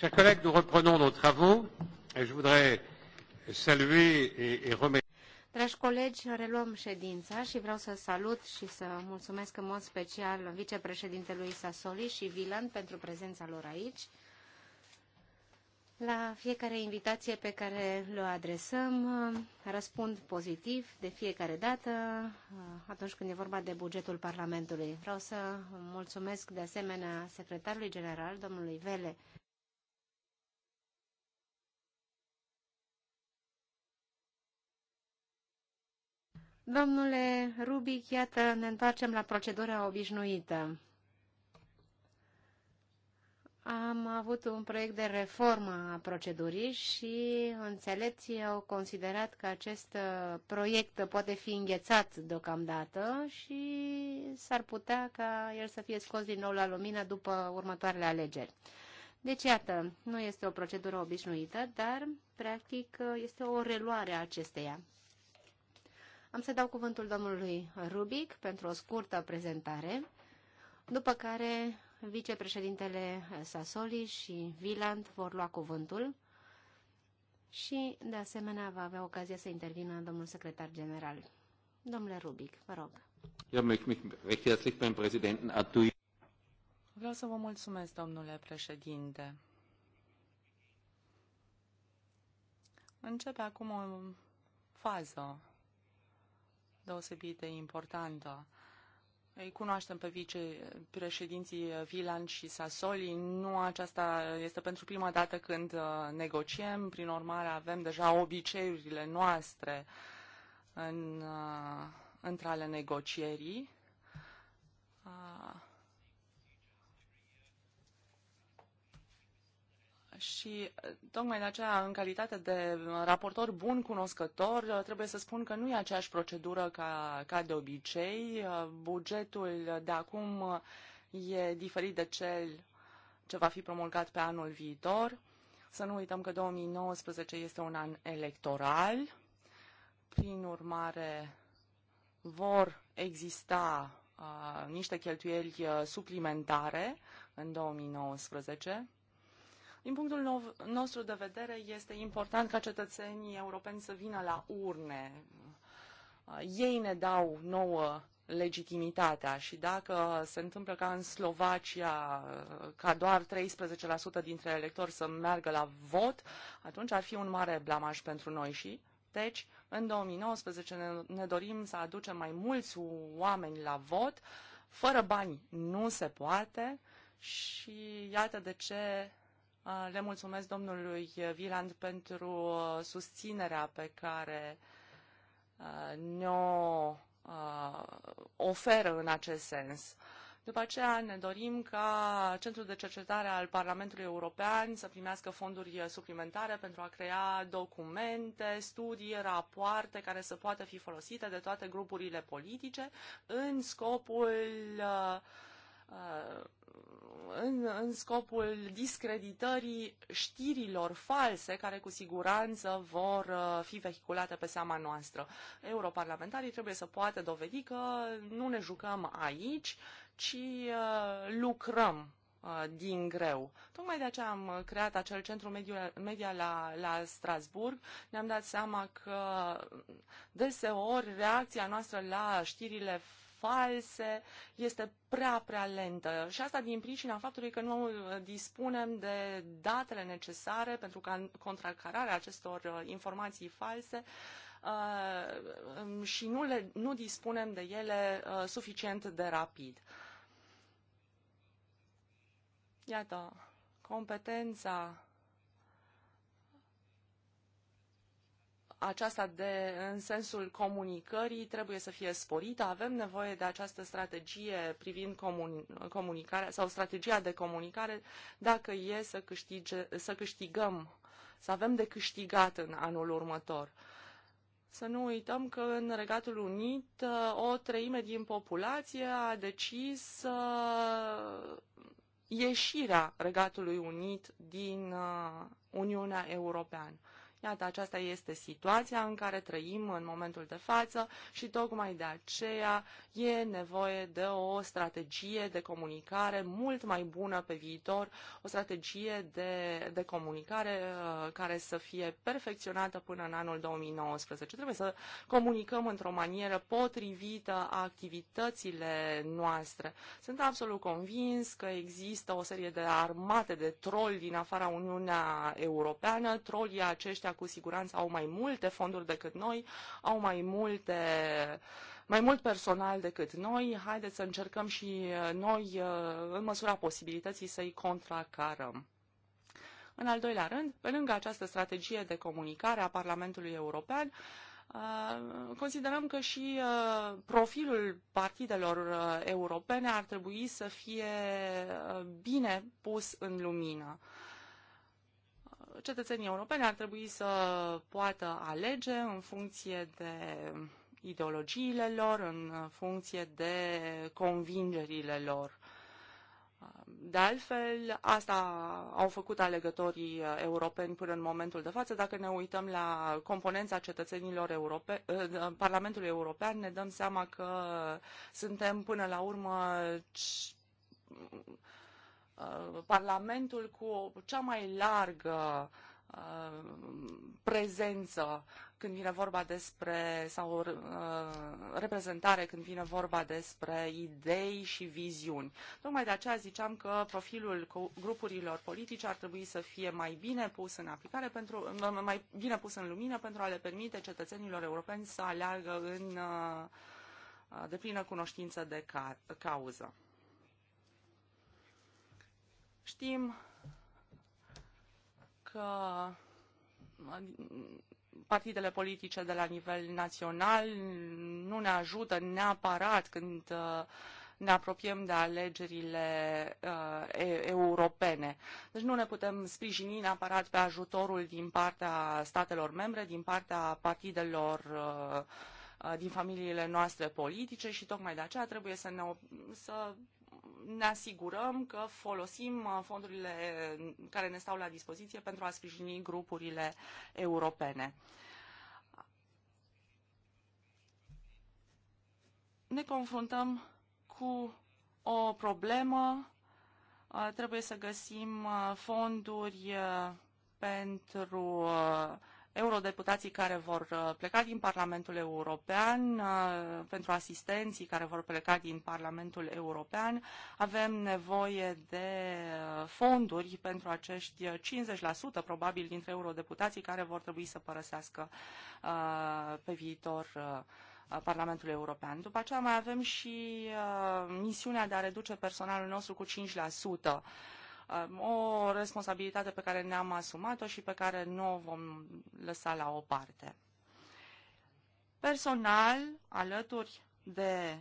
Chers collègues, nous reprenons nos travaux. Et je voudrais saluer et, et remercier. Dragi colegi, reluăm ședința și vreau să salut și să mulțumesc în mod special vicepreședintelui Sasoli și Vilan pentru prezența lor aici. La fiecare invitație pe care le adresăm, răspund pozitiv de fiecare dată atunci când e vorba de bugetul Parlamentului. Vreau să mulțumesc de asemenea secretarului general, domnului Vele Domnule Rubic, iată, ne întoarcem la procedura obișnuită. Am avut un proiect de reformă a procedurii și înțelepții au considerat că acest uh, proiect poate fi înghețat deocamdată și s-ar putea ca el să fie scos din nou la lumină după următoarele alegeri. Deci, iată, nu este o procedură obișnuită, dar, practic, este o reluare a acesteia. Am să dau cuvântul domnului Rubic pentru o scurtă prezentare, după care vicepreședintele Sassoli și Viland vor lua cuvântul și, de asemenea, va avea ocazia să intervină domnul secretar general. Domnule Rubic, vă rog. Vreau să vă mulțumesc, domnule președinte. Începe acum o fază deosebit de importantă. Îi cunoaștem pe vicepreședinții Vilan și Sassoli. Nu aceasta este pentru prima dată când uh, negociem, prin urmare avem deja obiceiurile noastre în, uh, între ale negocierii. Uh, Și tocmai de aceea, în calitate de raportor bun cunoscător, trebuie să spun că nu e aceeași procedură ca, ca de obicei. Bugetul de acum e diferit de cel ce va fi promulgat pe anul viitor. Să nu uităm că 2019 este un an electoral. Prin urmare, vor exista uh, niște cheltuieli uh, suplimentare în 2019 din punctul nostru de vedere, este important ca cetățenii europeni să vină la urne. Uh, ei ne dau nouă legitimitatea și dacă se întâmplă ca în Slovacia uh, ca doar 13% dintre electori să meargă la vot, atunci ar fi un mare blamaj pentru noi și deci, în 2019 ne, ne dorim să aducem mai mulți oameni la vot. Fără bani nu se poate și iată de ce Uh, le mulțumesc domnului Viland pentru uh, susținerea pe care uh, ne-o oferă în acest sens. După aceea ne dorim ca Centrul de Cercetare al Parlamentului European să primească fonduri suplimentare pentru a crea documente, studii, rapoarte care să poată fi folosite de toate grupurile politice în scopul uh, uh, în, în scopul discreditării știrilor false care cu siguranță vor uh, fi vehiculate pe seama noastră. Europarlamentarii trebuie să poată dovedi că nu ne jucăm aici, ci uh, lucrăm uh, din greu. Tocmai de aceea am creat acel centru media, media la, la Strasburg. Ne-am dat seama că deseori reacția noastră la știrile false este prea, prea lentă și asta din pricina faptului că nu dispunem de datele necesare pentru ca contracararea acestor uh, informații false uh, um, și nu, le, nu dispunem de ele uh, suficient de rapid. Iată, competența aceasta de, în sensul comunicării trebuie să fie sporită. Avem nevoie de această strategie privind comun, comunicarea sau strategia de comunicare dacă e să, câștige, să câștigăm, să avem de câștigat în anul următor. Să nu uităm că în Regatul Unit uh, o treime din populație a decis uh, ieșirea Regatului Unit din uh, Uniunea Europeană. Iată, aceasta este situația în care trăim în momentul de față și tocmai de aceea e nevoie de o strategie de comunicare mult mai bună pe viitor, o strategie de, de comunicare uh, care să fie perfecționată până în anul 2019. Trebuie să comunicăm într-o manieră potrivită a activitățile noastre. Sunt absolut convins că există o serie de armate de troli din afara Uniunea Europeană. Trolii aceștia Africa cu siguranță au mai multe fonduri decât noi, au mai multe mai mult personal decât noi, haideți să încercăm și uh, noi, uh, în măsura posibilității, să-i contracarăm. În al doilea rând, pe lângă această strategie de comunicare a Parlamentului European, uh, considerăm că și profilul partidelor europene ar trebui să fie bine pus în lumină cetățenii europeni ar trebui să poată alege în funcție de ideologiile lor, în funcție de convingerile lor. De altfel, asta au făcut alegătorii europeni până în momentul de față. Dacă ne uităm la componența cetățenilor europe, ă, Parlamentului European, ne dăm seama că suntem până la urmă Uh, Parlamentul cu cea mai largă uh, prezență când vine vorba despre sau uh, reprezentare când vine vorba despre idei și viziuni. Tocmai de aceea ziceam că profilul grupurilor politice ar trebui să fie mai bine pus în aplicare pentru mai bine pus în lumină pentru a le permite cetățenilor europeni să aleagă în deplină cunoștință de cauză. Știm că uh, partidele politice de la nivel național nu ne ajută neapărat când uh, ne apropiem de alegerile uh, europene. Deci nu ne putem sprijini neapărat pe ajutorul din partea statelor membre, din partea partidelor uh, uh din familiile noastre politice și tocmai de aceea trebuie să, ne, să ne asigurăm că folosim uh, fondurile care ne stau la dispoziție pentru a sprijini grupurile europene. Ne confruntăm cu o problemă, uh, trebuie să găsim uh, fonduri pentru eurodeputații care vor uh, pleca din Parlamentul European, uh, pentru asistenții care vor pleca din Parlamentul European, avem nevoie de uh, fonduri pentru acești 50% probabil dintre eurodeputații care vor trebui să părăsească pe viitor Parlamentul European. După aceea mai avem și misiunea de a reduce personalul nostru cu 5% o responsabilitate pe care ne-am asumat-o și pe care nu o vom lăsa la o parte. Personal, alături de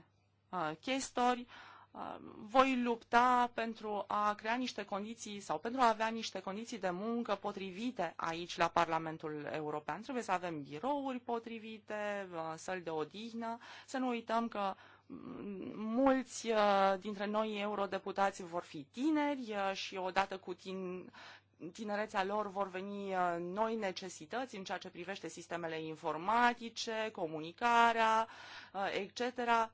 uh, chestori, uh, voi lupta pentru a crea niște condiții sau pentru a avea niște condiții de muncă potrivite aici la Parlamentul European. Trebuie să avem birouri potrivite, uh, săli de odihnă, să nu uităm că mulți uh, dintre noi eurodeputați vor fi tineri uh, și odată cu tin, tinerețea lor vor veni uh, noi necesități în ceea ce privește sistemele informatice, comunicarea, etc.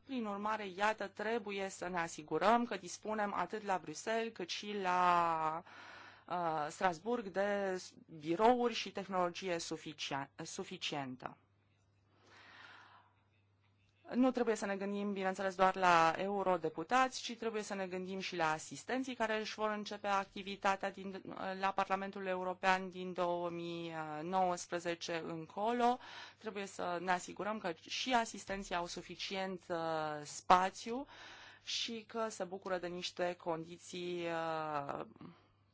Prin urmare, iată, trebuie să ne asigurăm că dispunem atât la Bruxelles cât și la Strasburg de birouri și tehnologie suficientă. Nu trebuie să ne gândim, bineînțeles, doar la eurodeputați, ci trebuie să ne gândim și la asistenții care își vor începe activitatea din, la Parlamentul European din 2019 încolo. Trebuie să ne asigurăm că și asistenții au suficient uh, spațiu și că se bucură de niște condiții uh,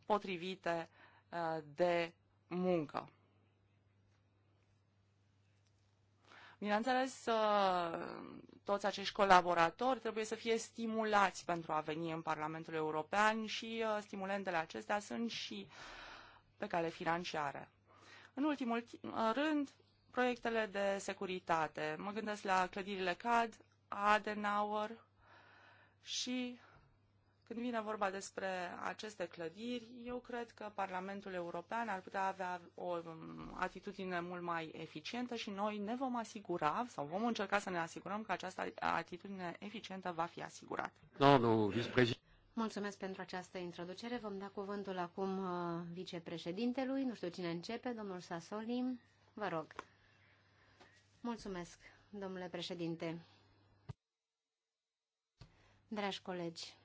potrivite uh, de muncă. Bineînțeles, uh, toți acești colaboratori trebuie să fie stimulați pentru a veni în Parlamentul European și uh, stimulentele acestea sunt și pe cale financiară. În ultimul uh, rând, proiectele de securitate. Mă gândesc la clădirile CAD, Adenauer și când vine vorba despre aceste clădiri, eu cred că Parlamentul European ar putea avea o um, atitudine mult mai eficientă și noi ne vom asigura sau vom încerca să ne asigurăm că această atitudine eficientă va fi asigurată. Mulțumesc pentru această introducere. Vom da cuvântul acum uh, vicepreședintelui. Nu știu cine începe, domnul Sasoli. Vă rog. Mulțumesc, domnule președinte. Dragi colegi,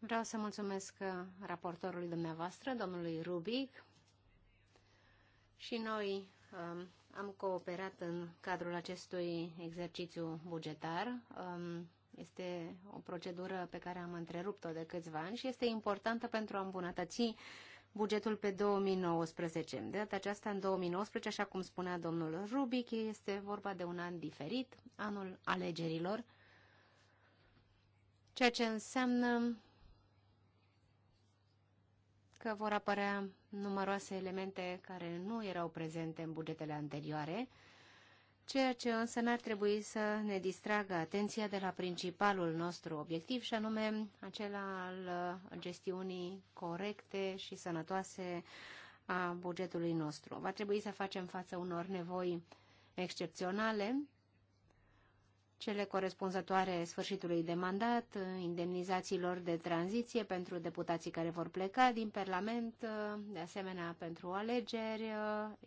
Vreau să mulțumesc uh, raportorului dumneavoastră, domnului Rubic, și noi um, am cooperat în cadrul acestui exercițiu bugetar. Um, este o procedură pe care am întrerupt-o de câțiva ani și este importantă pentru a îmbunătăți bugetul pe 2019. De data aceasta, în 2019, așa cum spunea domnul Rubic, este vorba de un an diferit, anul alegerilor, ceea ce înseamnă că vor apărea numeroase elemente care nu erau prezente în bugetele anterioare, ceea ce însă n-ar trebui să ne distragă atenția de la principalul nostru obiectiv și anume acela al uh, gestiunii corecte și sănătoase a bugetului nostru. Va trebui să facem față unor nevoi excepționale cele corespunzătoare sfârșitului de mandat, indemnizațiilor de tranziție pentru deputații care vor pleca din Parlament, de asemenea pentru alegeri,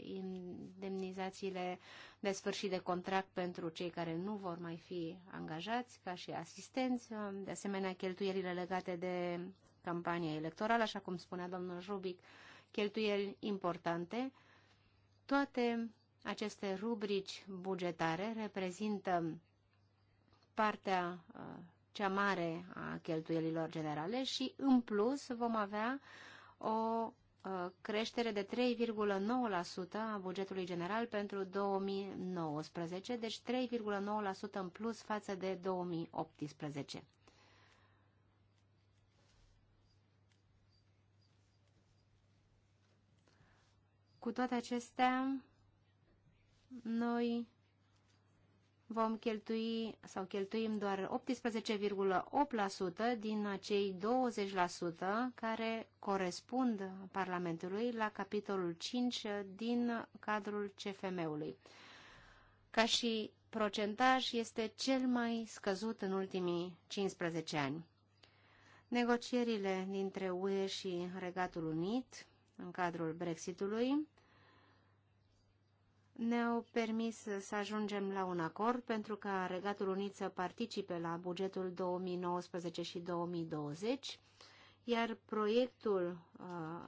indemnizațiile de sfârșit de contract pentru cei care nu vor mai fi angajați ca și asistenți, de asemenea cheltuielile legate de campania electorală, așa cum spunea domnul Rubic, cheltuieli importante. Toate aceste rubrici bugetare reprezintă partea uh, cea mare a cheltuielilor generale și, în plus, vom avea o uh, creștere de 3,9% a bugetului general pentru 2019, deci 3,9% în plus față de 2018. Cu toate acestea, noi vom cheltui sau cheltuim doar 18,8% din acei 20% care corespund Parlamentului la capitolul 5 din cadrul CFM-ului. Ca și procentaj este cel mai scăzut în ultimii 15 ani. Negocierile dintre UE și Regatul Unit în cadrul Brexitului ne-au permis să ajungem la un acord pentru ca Regatul Unit să participe la bugetul 2019 și 2020, iar proiectul uh,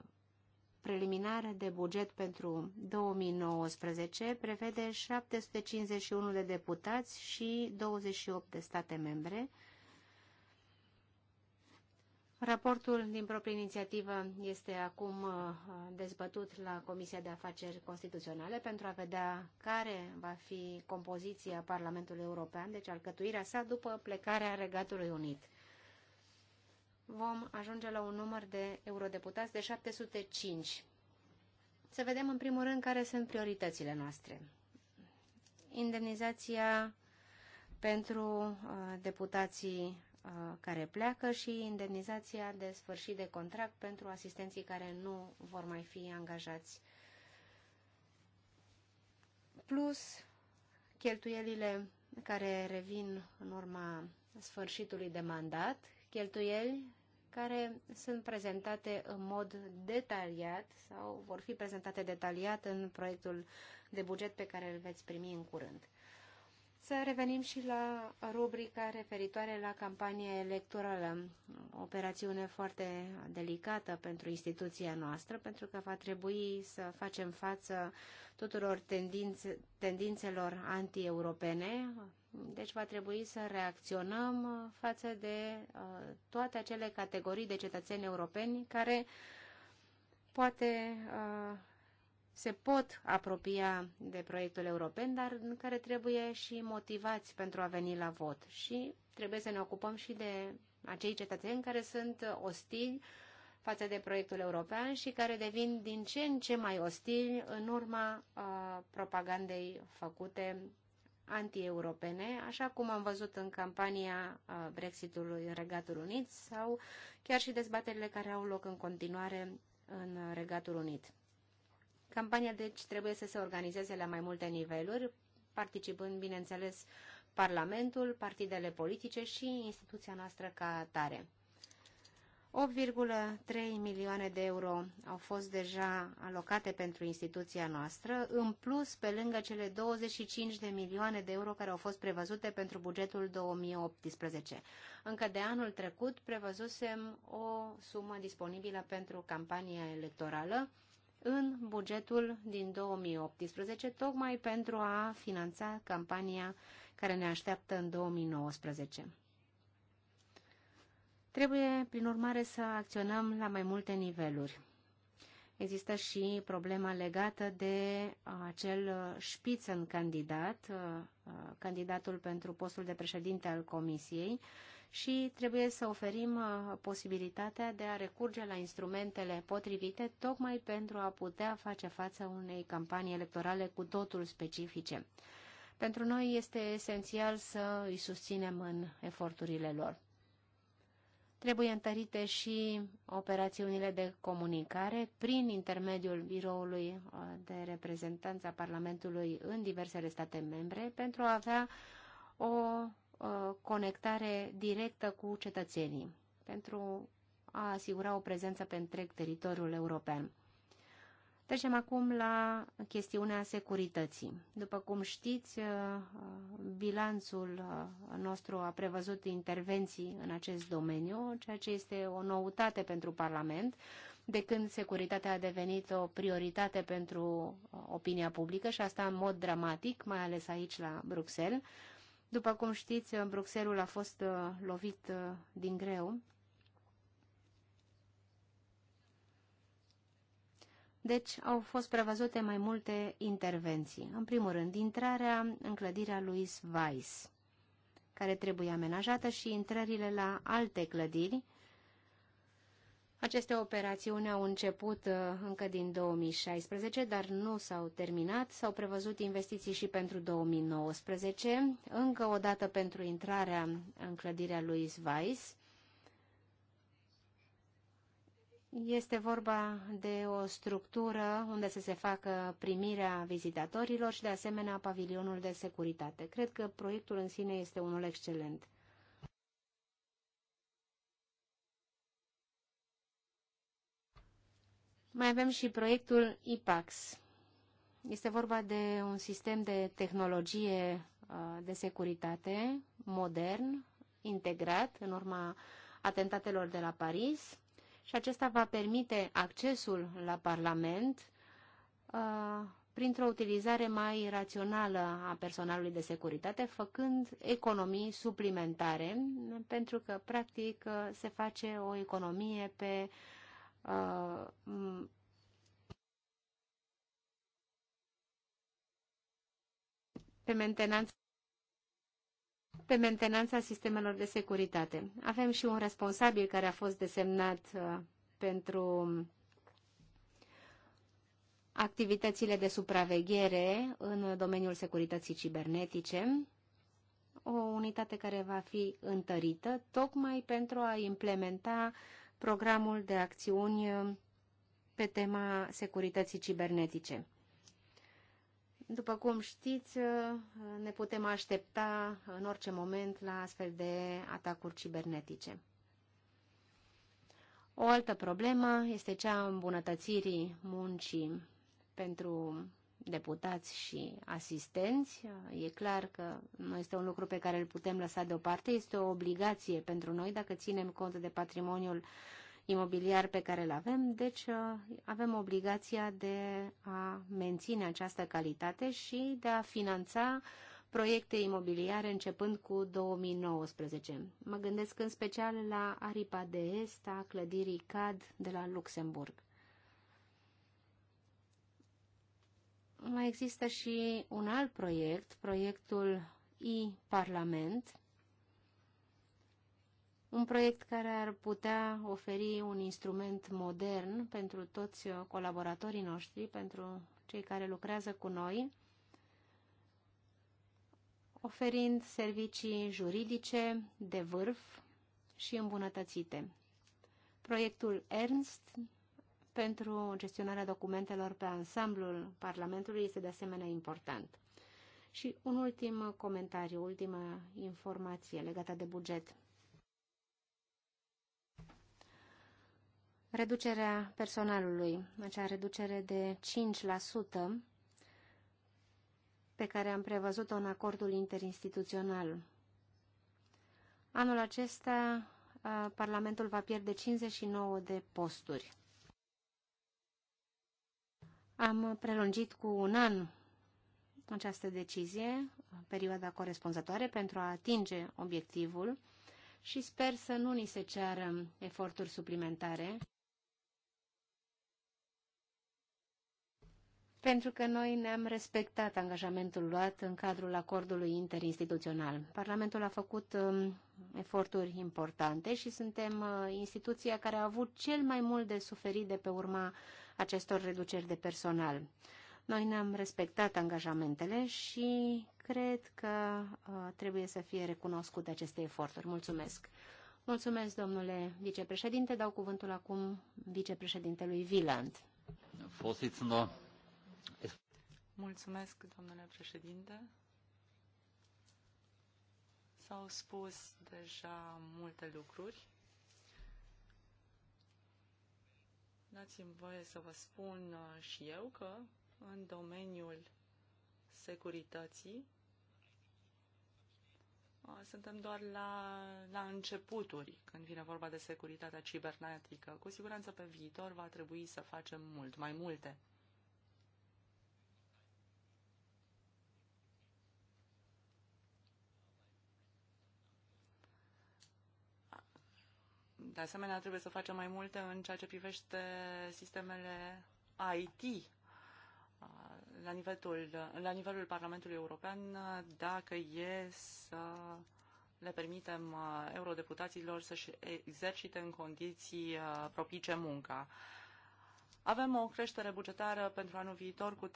preliminar de buget pentru 2019 prevede 751 de deputați și 28 de state membre, Raportul din proprie inițiativă este acum uh, dezbătut la Comisia de Afaceri Constituționale pentru a vedea care va fi compoziția Parlamentului European, deci alcătuirea sa după plecarea Regatului Unit. Vom ajunge la un număr de eurodeputați de 705. Să vedem în primul rând care sunt prioritățile noastre. Indemnizația pentru uh, deputații care pleacă și indemnizația de sfârșit de contract pentru asistenții care nu vor mai fi angajați. Plus cheltuielile care revin în urma sfârșitului de mandat, cheltuieli care sunt prezentate în mod detaliat sau vor fi prezentate detaliat în proiectul de buget pe care îl veți primi în curând. Să revenim și la rubrica referitoare la campania electorală, o operațiune foarte delicată pentru instituția noastră, pentru că va trebui să facem față tuturor tendințe, tendințelor anti-europene, deci va trebui să reacționăm față de uh, toate acele categorii de cetățeni europeni care poate uh, se pot apropia de proiectul european, dar în care trebuie și motivați pentru a veni la vot. Și trebuie să ne ocupăm și de acei cetățeni care sunt ostili față de proiectul european și care devin din ce în ce mai ostili în urma uh, propagandei făcute anti-europene, așa cum am văzut în campania uh, Brexitului în Regatul Unit sau chiar și dezbaterile care au loc în continuare în Regatul Unit. Campania, deci, trebuie să se organizeze la mai multe niveluri, participând, bineînțeles, Parlamentul, partidele politice și instituția noastră ca atare. 8,3 milioane de euro au fost deja alocate pentru instituția noastră, în plus pe lângă cele 25 de milioane de euro care au fost prevăzute pentru bugetul 2018. Încă de anul trecut prevăzusem o sumă disponibilă pentru campania electorală în bugetul din 2018, tocmai pentru a finanța campania care ne așteaptă în 2019. Trebuie, prin urmare, să acționăm la mai multe niveluri. Există și problema legată de acel în candidat, uh, candidatul pentru postul de președinte al Comisiei, și trebuie să oferim uh, posibilitatea de a recurge la instrumentele potrivite tocmai pentru a putea face față unei campanii electorale cu totul specifice. Pentru noi este esențial să îi susținem în eforturile lor. Trebuie întărite și operațiunile de comunicare prin intermediul biroului uh, de reprezentanță a Parlamentului în diversele state membre pentru a avea o Uh, conectare directă cu cetățenii, pentru a asigura o prezență pe întreg teritoriul european. Trecem acum la chestiunea securității. După cum știți, uh, bilanțul uh, nostru a prevăzut intervenții în acest domeniu, ceea ce este o noutate pentru Parlament, de când securitatea a devenit o prioritate pentru opinia publică și asta în mod dramatic, mai ales aici la Bruxelles. După cum știți, Bruxelul a fost uh, lovit uh, din greu. Deci au fost prevăzute mai multe intervenții. În primul rând, intrarea în clădirea lui Weiss, care trebuie amenajată și intrările la alte clădiri, aceste operațiuni au început uh, încă din 2016, dar nu s-au terminat. S-au prevăzut investiții și pentru 2019, încă o dată pentru intrarea în clădirea lui Weiss. Este vorba de o structură unde să se facă primirea vizitatorilor și, de asemenea, pavilionul de securitate. Cred că proiectul în sine este unul excelent. Mai avem și proiectul IPAX. Este vorba de un sistem de tehnologie uh, de securitate modern, integrat în urma atentatelor de la Paris și acesta va permite accesul la Parlament uh, printr-o utilizare mai rațională a personalului de securitate, făcând economii suplimentare, pentru că, practic, uh, se face o economie pe uh, pe mentenanță pe mentenanța sistemelor de securitate. Avem și un responsabil care a fost desemnat uh, pentru activitățile de supraveghere în domeniul securității cibernetice, o unitate care va fi întărită tocmai pentru a implementa uh, programul de acțiuni uh, pe tema securității cibernetice. După cum știți, uh, ne putem aștepta în orice moment la astfel de atacuri cibernetice. O altă problemă este cea a îmbunătățirii muncii pentru deputați și asistenți. E clar că nu este un lucru pe care îl putem lăsa deoparte, este o obligație pentru noi dacă ținem cont de patrimoniul imobiliar pe care îl avem, deci uh, avem obligația de a menține această calitate și de a finanța proiecte imobiliare începând cu 2019. Mă gândesc în special la aripa de est a clădirii CAD de la Luxemburg. mai există și un alt proiect, proiectul e-Parlament, un proiect care ar putea oferi un instrument modern pentru toți colaboratorii noștri, pentru cei care lucrează cu noi, oferind servicii juridice de vârf și îmbunătățite. Proiectul Ernst pentru gestionarea documentelor pe ansamblul Parlamentului este de asemenea important. Și un ultim comentariu, ultima informație legată de buget. Reducerea personalului, acea reducere de 5% pe care am prevăzut-o în acordul interinstituțional. Anul acesta, Parlamentul va pierde 59 de posturi. Am prelungit cu un an această decizie, perioada corespunzătoare, pentru a atinge obiectivul și sper să nu ni se ceară eforturi suplimentare. pentru că noi ne-am respectat angajamentul luat în cadrul acordului interinstituțional. Parlamentul a făcut um, eforturi importante și suntem uh, instituția care a avut cel mai mult de suferit de pe urma acestor reduceri de personal. Noi ne-am respectat angajamentele și cred că uh, trebuie să fie recunoscute aceste eforturi. Mulțumesc! Mulțumesc, domnule vicepreședinte. Dau cuvântul acum vicepreședintelui Viland. Mulțumesc, domnule președinte. S-au spus deja multe lucruri. Dați-mi voie să vă spun uh, și eu că în domeniul securității uh, suntem doar la, la începuturi când vine vorba de securitatea cibernetică. Cu siguranță pe viitor va trebui să facem mult mai multe. De asemenea, trebuie să facem mai multe în ceea ce privește sistemele IT uh, la nivelul, la nivelul Parlamentului European, dacă e să le permitem uh, eurodeputaților să-și exercite în condiții uh, propice munca. Avem o creștere bugetară pentru anul viitor cu 3,9%.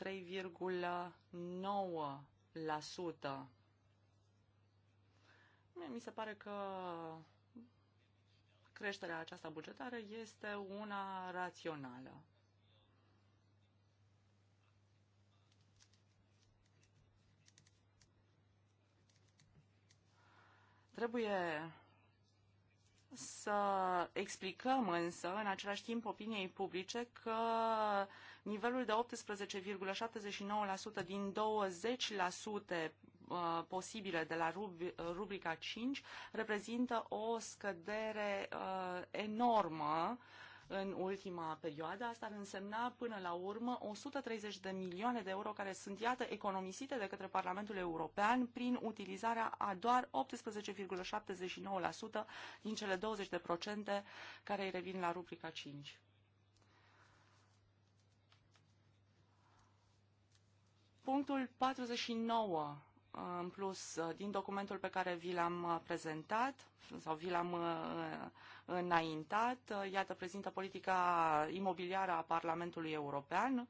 Mi se pare că creșterea aceasta bugetară este una rațională. Trebuie să explicăm însă în același timp opiniei publice că nivelul de 18,79% din 20% Uh, posibile de la rubrica 5 reprezintă o scădere uh, enormă în ultima perioadă. Asta ar însemna până la urmă 130 de milioane de euro care sunt, iată, economisite de către Parlamentul European prin utilizarea a doar 18,79% din cele 20% care îi revin la rubrica 5. Punctul 49 Uh, în plus uh, din documentul pe care vi l-am uh, prezentat sau vi l-am înaintat. Iată, prezintă politica imobiliară a Parlamentului European,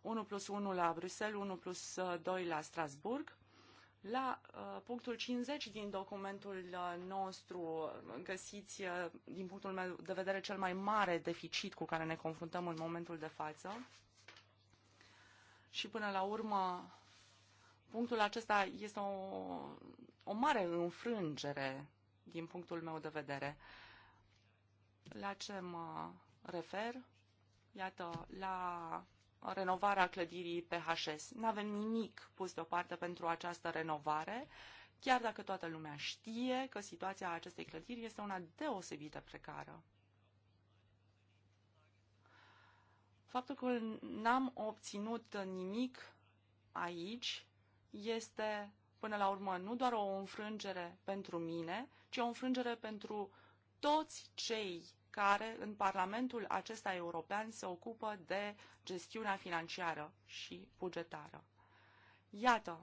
1 plus 1 la Bruxelles, 1 plus 2 la Strasburg. La punctul 50 din documentul nostru găsiți, din punctul meu de vedere, cel mai mare deficit cu care ne confruntăm în momentul de față. Și până la urmă, punctul acesta este o, o mare înfrângere din punctul meu de vedere. La ce mă refer? Iată, la renovarea clădirii PHS. Nu avem nimic pus deoparte pentru această renovare, chiar dacă toată lumea știe că situația acestei clădiri este una deosebită precară. Faptul că n-am obținut nimic aici este, până la urmă, nu doar o înfrângere pentru mine, ci o înfrângere pentru toți cei care în Parlamentul acesta european se ocupă de gestiunea financiară și bugetară. Iată,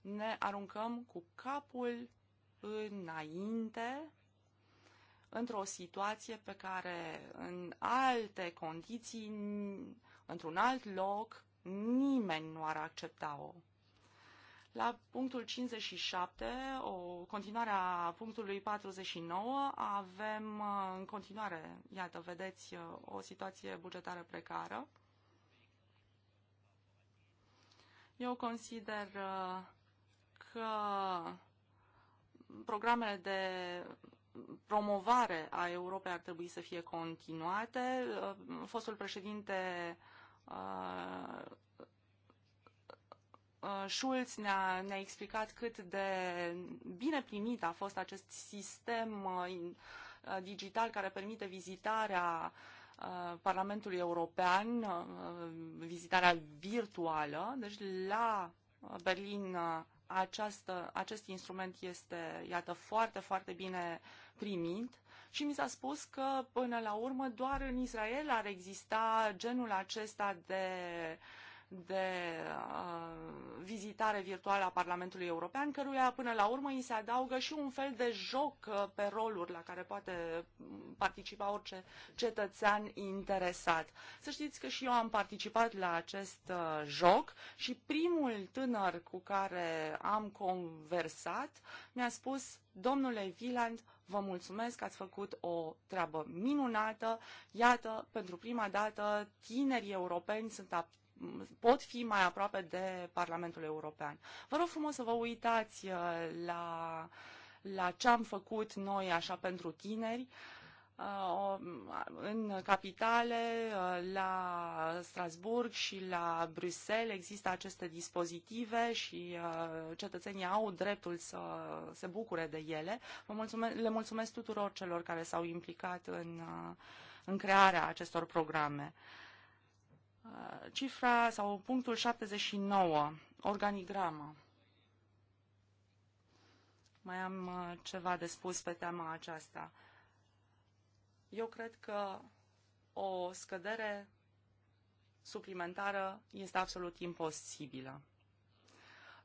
ne aruncăm cu capul înainte într-o situație pe care în alte condiții, într-un alt loc, nimeni nu ar accepta-o. La punctul 57, o continuare a punctului 49, avem uh, în continuare, iată, vedeți, uh, o situație bugetară precară. Eu consider uh, că programele de promovare a Europei ar trebui să fie continuate. Fostul președinte Uh, Schulz ne-a, ne, -a, explicat cât de bine primit a fost acest sistem uh, uh, digital care permite vizitarea Parlamentului European, vizitarea virtuală. Deci la Berlin această, acest instrument este, iată, foarte, foarte bine primit și mi s-a spus că, până la urmă, doar în Israel ar exista genul acesta de uh, de uh, vizitare virtuală a Parlamentului European, căruia până la urmă îi se adaugă și un fel de joc uh, pe roluri la care poate participa orice cetățean interesat. Să știți că și eu am participat la acest uh, joc și primul tânăr cu care am conversat mi-a spus, domnule Viland, vă mulțumesc că ați făcut o treabă minunată. Iată, pentru prima dată, tinerii europeni sunt pot fi mai aproape de Parlamentul European. Vă rog frumos să vă uitați uh, la, la ce am făcut noi așa pentru tineri uh, în capitale, uh, la Strasburg și la Bruxelles există aceste dispozitive și cetățenii au dreptul să se bucure de ele. Mulțumesc, le mulțumesc tuturor celor care s-au implicat în, în crearea acestor programe. Uh, cifra sau punctul 79, organigrama. Mai am uh, ceva de spus pe tema aceasta. Eu cred că o scădere suplimentară este absolut imposibilă.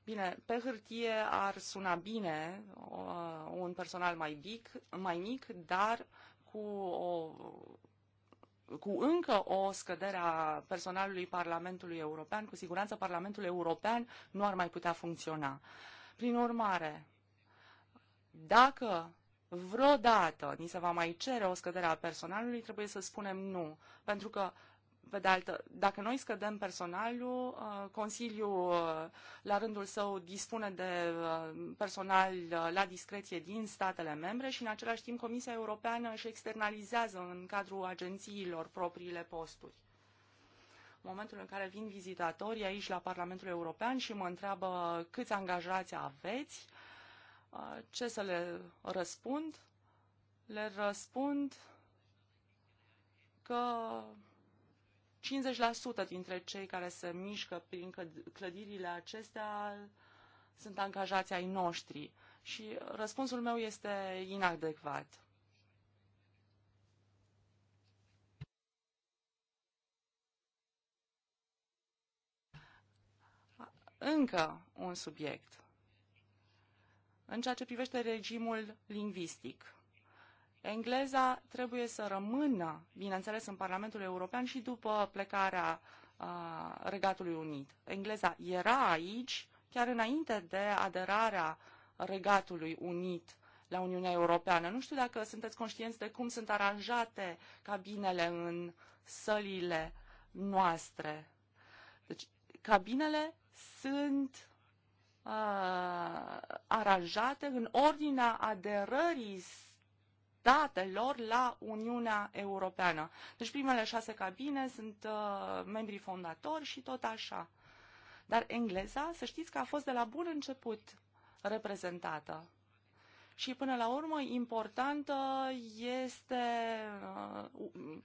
Bine, pe hârtie ar suna bine uh, un personal mai mic, mai mic, dar cu o cu încă o scădere a personalului Parlamentului European, cu siguranță Parlamentul European nu ar mai putea funcționa. Prin urmare, dacă vreodată ni se va mai cere o scădere a personalului, trebuie să spunem nu, pentru că pe de altă, dacă noi scădem personalul, uh, Consiliul uh, la rândul său dispune de uh, personal la discreție din statele membre și în același timp Comisia Europeană își externalizează în cadrul agențiilor propriile posturi. În momentul în care vin vizitatorii aici la Parlamentul European și mă întreabă câți angajați aveți, ce să le răspund? Le răspund că 50% dintre cei care se mișcă prin clădirile acestea sunt angajații ai noștri și răspunsul meu este inadecvat. Încă un subiect. În ceea ce privește regimul lingvistic. Engleza trebuie să rămână, bineînțeles, în Parlamentul European și după plecarea Regatului Unit. Engleza era aici chiar înainte de aderarea Regatului Unit la Uniunea Europeană. Nu știu dacă sunteți conștienți de cum sunt aranjate cabinele în sălile noastre. Deci, cabinele sunt uh, aranjate în ordinea aderării statelor la Uniunea Europeană. Deci primele șase cabine sunt uh, membrii fondatori și tot așa. Dar engleza, să știți că a fost de la bun început reprezentată. Și până la urmă, importantă este, uh,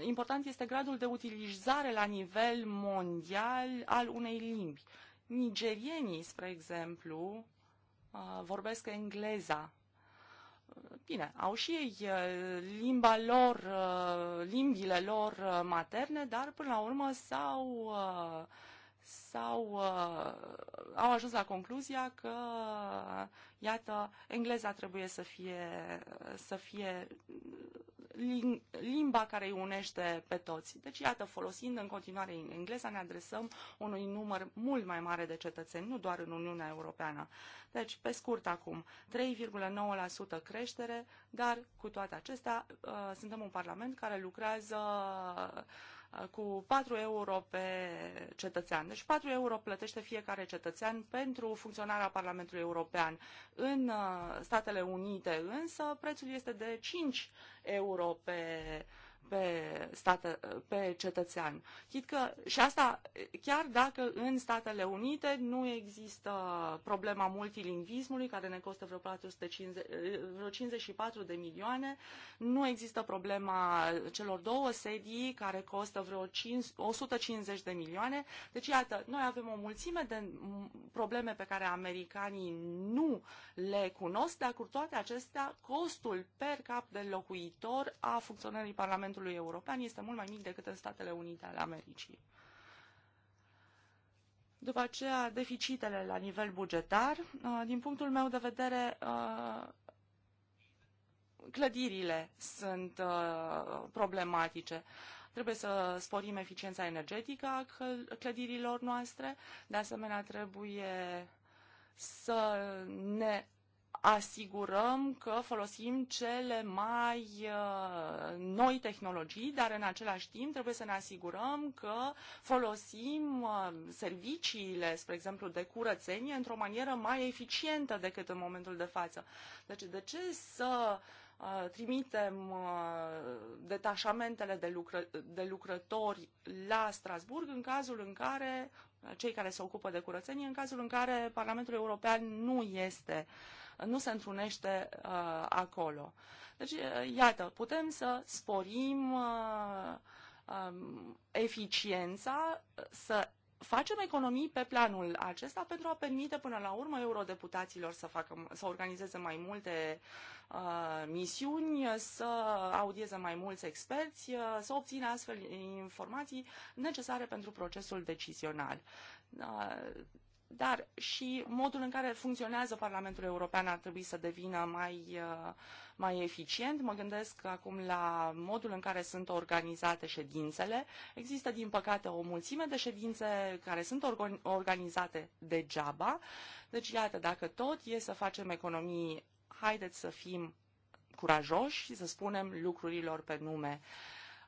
important este gradul de utilizare la nivel mondial al unei limbi. Nigerienii, spre exemplu, uh, vorbesc engleza bine, au și ei uh, limba lor, uh, limbile lor uh, materne, dar până la urmă s-au, s-au, au ajuns la concluzia că, iată, engleza trebuie să fie, să fie limba care îi unește pe toți. Deci, iată, folosind în continuare engleza, ne adresăm unui număr mult mai mare de cetățeni, nu doar în Uniunea Europeană. Deci, pe scurt acum, 3,9% creștere, dar cu toate acestea, uh, suntem un parlament care lucrează cu 4 euro pe cetățean. Deci 4 euro plătește fiecare cetățean pentru funcționarea Parlamentului European. În uh, Statele Unite însă prețul este de 5 euro pe pe, state, pe cetățean. Chit că, și asta chiar dacă în Statele Unite nu există problema multilingvismului, care ne costă vreo, 450, vreo 54 de milioane, nu există problema celor două sedii, care costă vreo 5, 150 de milioane. Deci, iată, noi avem o mulțime de probleme pe care americanii nu le cunosc, dar cu toate acestea, costul per cap de locuitor a funcționării Parlamentului Parlamentului European este mult mai mic decât în Statele Unite ale Americii. După aceea, deficitele la nivel bugetar. Uh, din punctul meu de vedere, uh, clădirile sunt uh, problematice. Trebuie să sporim eficiența energetică a clădirilor noastre. De asemenea, trebuie să ne asigurăm că folosim cele mai uh, noi tehnologii, dar în același timp trebuie să ne asigurăm că folosim uh, serviciile, spre exemplu, de curățenie într-o manieră mai eficientă decât în momentul de față. Deci de ce să uh, trimitem detașamentele de, lucră, de lucrători la Strasburg în cazul în care cei care se ocupă de curățenie, în cazul în care Parlamentul European nu este uh, nu se întrunește uh, acolo. Deci, uh, iată, putem să sporim uh, um, eficiența, să facem economii pe planul acesta pentru a permite până la urmă eurodeputaților să, facă, să organizeze mai multe uh, misiuni, să audieze mai mulți experți, uh, să obțină astfel informații necesare pentru procesul decizional. Uh, dar și modul în care funcționează Parlamentul European ar trebui să devină mai, uh, mai eficient. Mă gândesc acum la modul în care sunt organizate ședințele. Există, din păcate, o mulțime de ședințe care sunt organizate degeaba. Deci, iată, dacă tot e să facem economii, haideți să fim curajoși și să spunem lucrurilor pe nume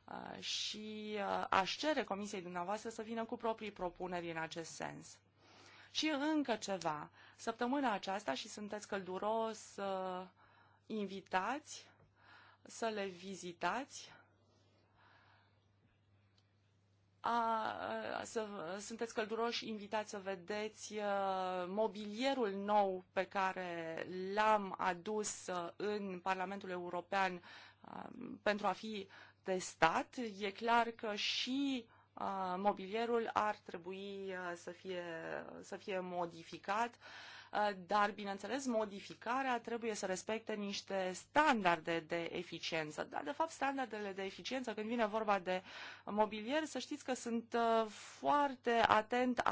uh, și uh, aș cere Comisiei dumneavoastră să vină cu proprii propuneri în acest sens. Și încă ceva. Săptămâna aceasta, și sunteți călduros uh, invitați să le vizitați, a, uh, să, sunteți călduroși invitați să vedeți uh, mobilierul nou pe care l-am adus în Parlamentul European pentru a fi testat. E clar că și mobilierul ar trebui să fie, să fie modificat, dar, bineînțeles, modificarea trebuie să respecte niște standarde de eficiență. Dar, de fapt, standardele de eficiență, când vine vorba de mobilier, să știți că sunt foarte atent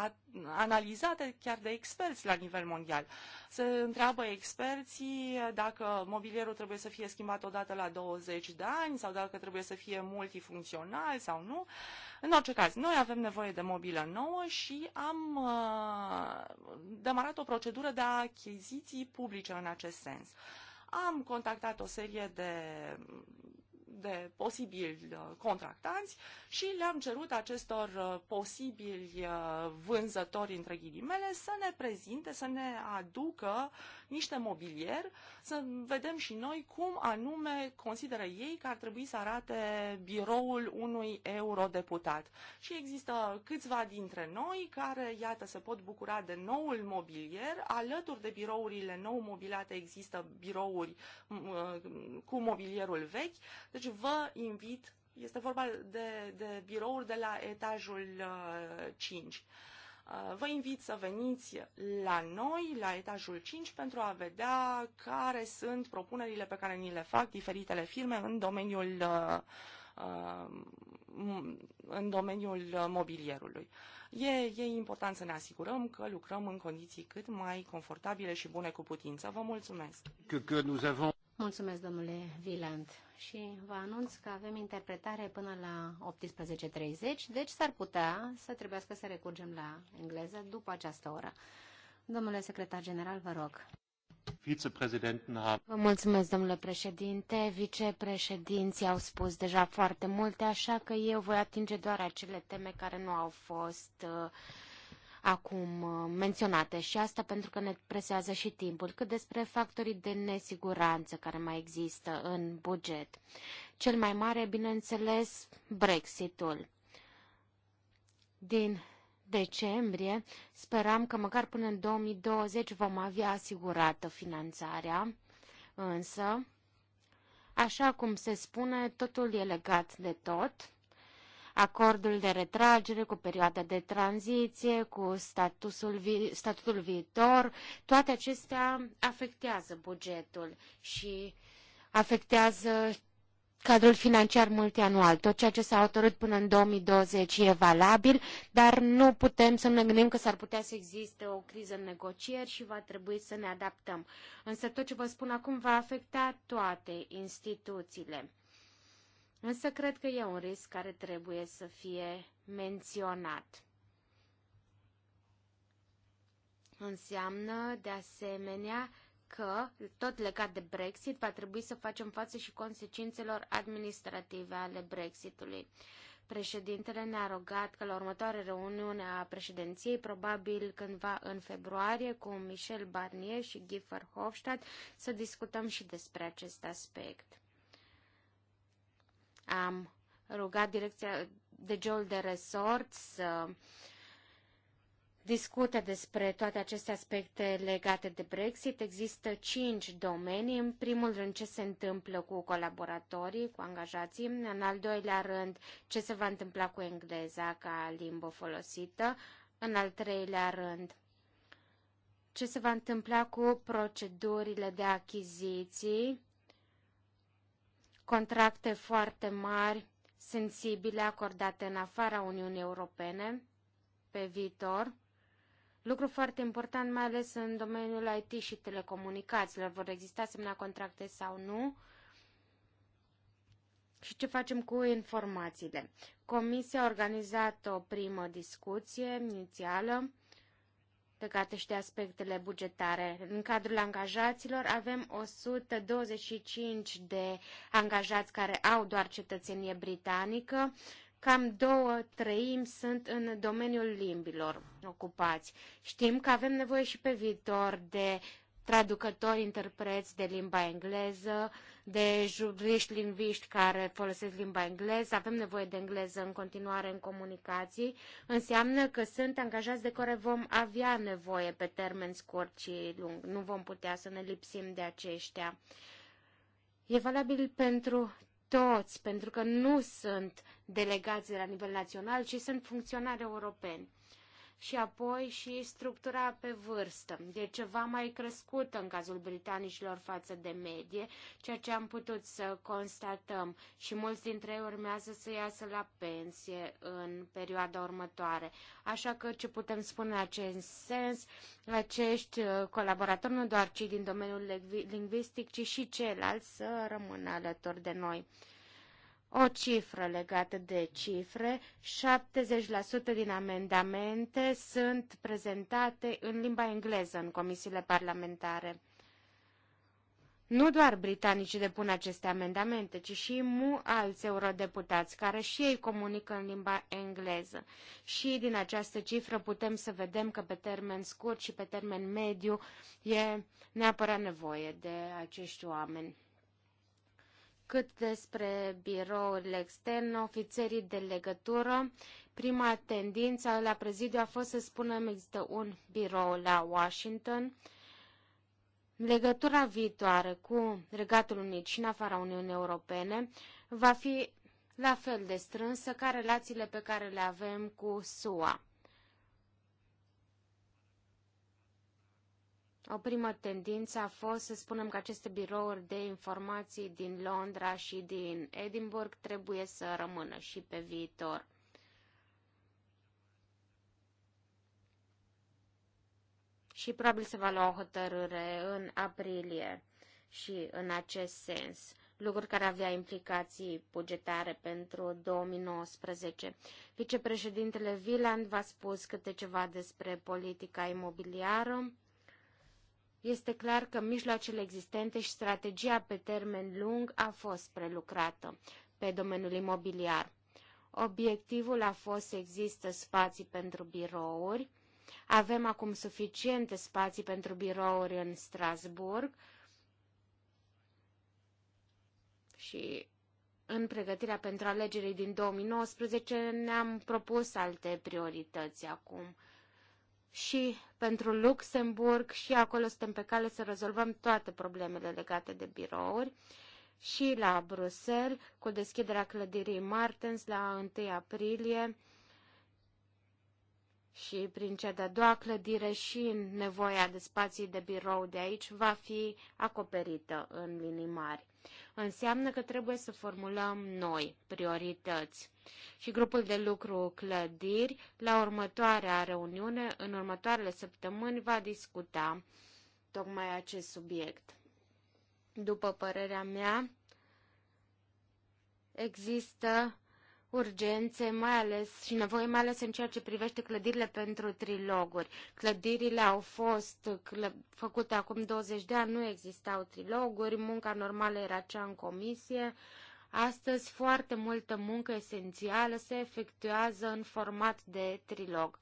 analizate chiar de experți la nivel mondial. Se întreabă experții dacă mobilierul trebuie să fie schimbat odată la 20 de ani sau dacă trebuie să fie multifuncțional sau nu. În orice caz, noi avem nevoie de mobilă nouă și am uh, demarat o procedură de achiziții publice în acest sens. Am contactat o serie de de posibili uh, contractanți și le-am cerut acestor uh, posibili uh, vânzători, între ghilimele, să ne prezinte, să ne aducă niște mobilier, să vedem și noi cum anume consideră ei că ar trebui să arate biroul unui eurodeputat. Și există câțiva dintre noi care, iată, se pot bucura de noul mobilier. Alături de birourile nou mobilate există birouri cu mobilierul vechi. Deci deci vă invit, este vorba de, de birouri de la etajul 5. Uh, uh, vă invit să veniți la noi, la etajul 5, pentru a vedea care sunt propunerile pe care ni le fac diferitele firme în domeniul uh, în domeniul mobilierului. E, e important să ne asigurăm că lucrăm în condiții cât mai confortabile și bune cu putință. Vă mulțumesc! Că, că nous avons... Mulțumesc, domnule Viland. Și vă anunț că avem interpretare până la 18.30, deci s-ar putea să trebuiască să recurgem la engleză după această oră. Domnule secretar general, vă rog. Vă mulțumesc, domnule președinte. Vicepreședinții au spus deja foarte multe, așa că eu voi atinge doar acele teme care nu au fost uh, acum uh, menționate și asta pentru că ne presează și timpul, cât despre factorii de nesiguranță care mai există în buget. Cel mai mare, bineînțeles, Brexitul. Din decembrie speram că măcar până în 2020 vom avea asigurată finanțarea, însă, așa cum se spune, totul e legat de tot acordul de retragere, cu perioada de tranziție, cu statusul vi- statutul viitor, toate acestea afectează bugetul și afectează cadrul financiar multianual. Tot ceea ce s-a autorit până în 2020 e valabil, dar nu putem să ne gândim că s-ar putea să existe o criză în negocieri și va trebui să ne adaptăm. Însă tot ce vă spun acum va afecta toate instituțiile. Însă cred că e un risc care trebuie să fie menționat. Înseamnă, de asemenea, că, tot legat de Brexit, va trebui să facem față și consecințelor administrative ale Brexitului. Președintele ne-a rogat că la următoare reuniune a președinției, probabil cândva în februarie, cu Michel Barnier și Giffer Hofstadt, să discutăm și despre acest aspect. Am rugat direcția de geol de resort să discute despre toate aceste aspecte legate de Brexit. Există cinci domenii. În primul rând, ce se întâmplă cu colaboratorii, cu angajații. În al doilea rând, ce se va întâmpla cu engleza ca limbă folosită. În al treilea rând, ce se va întâmpla cu procedurile de achiziții contracte foarte mari, sensibile, acordate în afara Uniunii Europene pe viitor. Lucru foarte important, mai ales în domeniul IT și telecomunicațiilor. Vor exista asemenea contracte sau nu? Și ce facem cu informațiile? Comisia a organizat o primă discuție inițială legate și de aspectele bugetare. În cadrul angajaților avem 125 de angajați care au doar cetățenie britanică, cam două treimi sunt în domeniul limbilor ocupați. Știm că avem nevoie și pe viitor de traducători, interpreți de limba engleză, uh, de juriști lingviști care folosesc limba engleză, avem nevoie de engleză în continuare în comunicații, înseamnă că sunt angajați de care vom avea nevoie pe termen scurt și lung. Nu vom putea să ne lipsim de aceștia. E valabil pentru toți, pentru că nu sunt delegați de la nivel național, ci sunt funcționari europeni și apoi și structura pe vârstă. E ceva mai crescut în cazul britanicilor față de medie, ceea ce am putut să constatăm și mulți dintre ei urmează să iasă la pensie în perioada următoare. Așa că ce putem spune în acest sens, acești uh, colaboratori, nu doar cei din domeniul lingvistic, ci și ceilalți să rămână alături de noi. O cifră legată de cifre, 70% din amendamente sunt prezentate în limba engleză în comisiile parlamentare. Nu doar britanicii depun aceste amendamente, ci și mu alți eurodeputați, care și ei comunică în limba engleză. Și din această cifră putem să vedem că pe termen scurt și pe termen mediu e neapărat nevoie de acești oameni cât despre birourile externe, ofițerii de legătură. Prima tendință la prezidiu a fost să spunem există un birou la Washington. Legătura viitoare cu Regatul Unit și în afara Uniunii Europene va fi la fel de strânsă ca relațiile pe care le avem cu SUA. O primă tendință a fost să spunem că aceste birouri de informații din Londra și din Edinburgh trebuie să rămână și pe viitor. Și probabil se va lua o hotărâre în aprilie și în acest sens lucruri care avea implicații bugetare pentru 2019. Vicepreședintele Viland v-a spus câte ceva despre politica imobiliară. Este clar că mijloacele existente și strategia pe termen lung a fost prelucrată pe domeniul imobiliar. Obiectivul a fost să există spații pentru birouri. Avem acum suficiente spații pentru birouri în Strasburg și în pregătirea pentru alegerii din 2019 ne-am propus alte priorități acum și pentru Luxemburg și acolo suntem pe cale să rezolvăm toate problemele legate de birouri și la Bruxelles cu deschiderea clădirii Martens la 1 aprilie și prin cea de-a doua clădire și nevoia de spații de birou de aici va fi acoperită în linii mari. Înseamnă că trebuie să formulăm noi priorități. Și grupul de lucru clădiri, la următoarea reuniune, în următoarele săptămâni, va discuta tocmai acest subiect. După părerea mea, există urgențe, mai ales și nevoie mai ales în ceea ce privește clădirile pentru triloguri. Clădirile au fost clă, făcute acum 20 de ani, nu existau triloguri, munca normală era cea în comisie. Astăzi foarte multă muncă esențială se efectuează în format de trilog.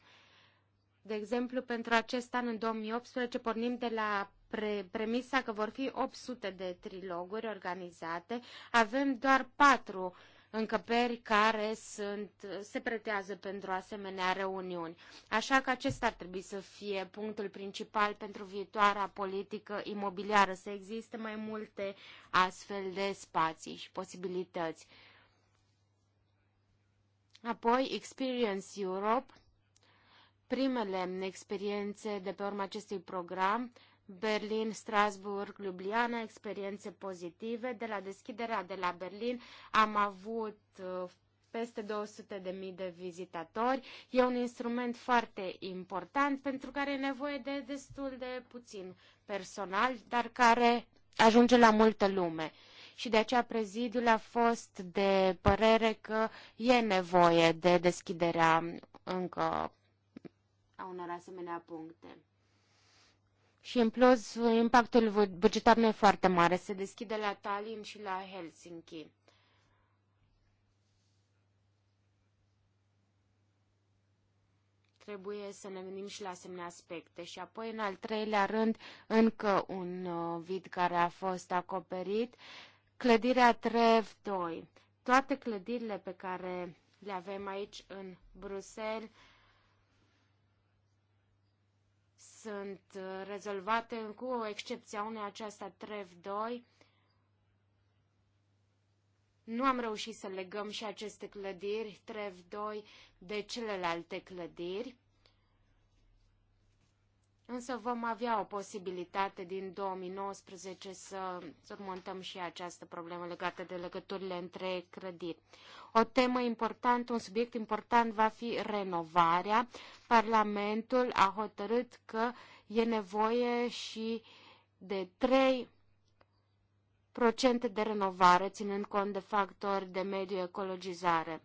De exemplu, pentru acest an, în 2018, pornim de la pre- premisa că vor fi 800 de triloguri organizate. Avem doar patru uh, încăperi care sunt, se pretează pentru asemenea reuniuni. Așa că acesta ar trebui să fie punctul principal pentru viitoarea politică imobiliară, să existe mai multe astfel de spații și posibilități. Apoi, Experience Europe, primele experiențe de pe urma acestui program Berlin, Strasburg, Ljubljana, experiențe pozitive. De la deschiderea de la Berlin am avut uh, peste 200.000 de, mii de vizitatori. E un instrument foarte important pentru care e nevoie de destul de puțin personal, dar care ajunge la multă lume. Și de aceea prezidiul a fost de părere că e nevoie de deschiderea încă a unor asemenea puncte. Și în plus, impactul bugetar nu e foarte mare. Se deschide la Tallinn și la Helsinki. Trebuie să ne gândim și la asemenea aspecte. Și apoi, în al treilea rând, încă un uh, vid care a fost acoperit. Clădirea Trev 2. Toate clădirile pe care le avem aici în Bruxelles sunt rezolvate cu excepția unei aceasta TREF2. Nu am reușit să legăm și aceste clădiri TREF2 de celelalte clădiri însă vom avea o posibilitate din 2019 să surmontăm și această problemă legată de legăturile între credit. O temă importantă, un subiect important va fi renovarea. Parlamentul a hotărât că e nevoie și de trei procente de renovare, ținând cont de factori de mediu ecologizare.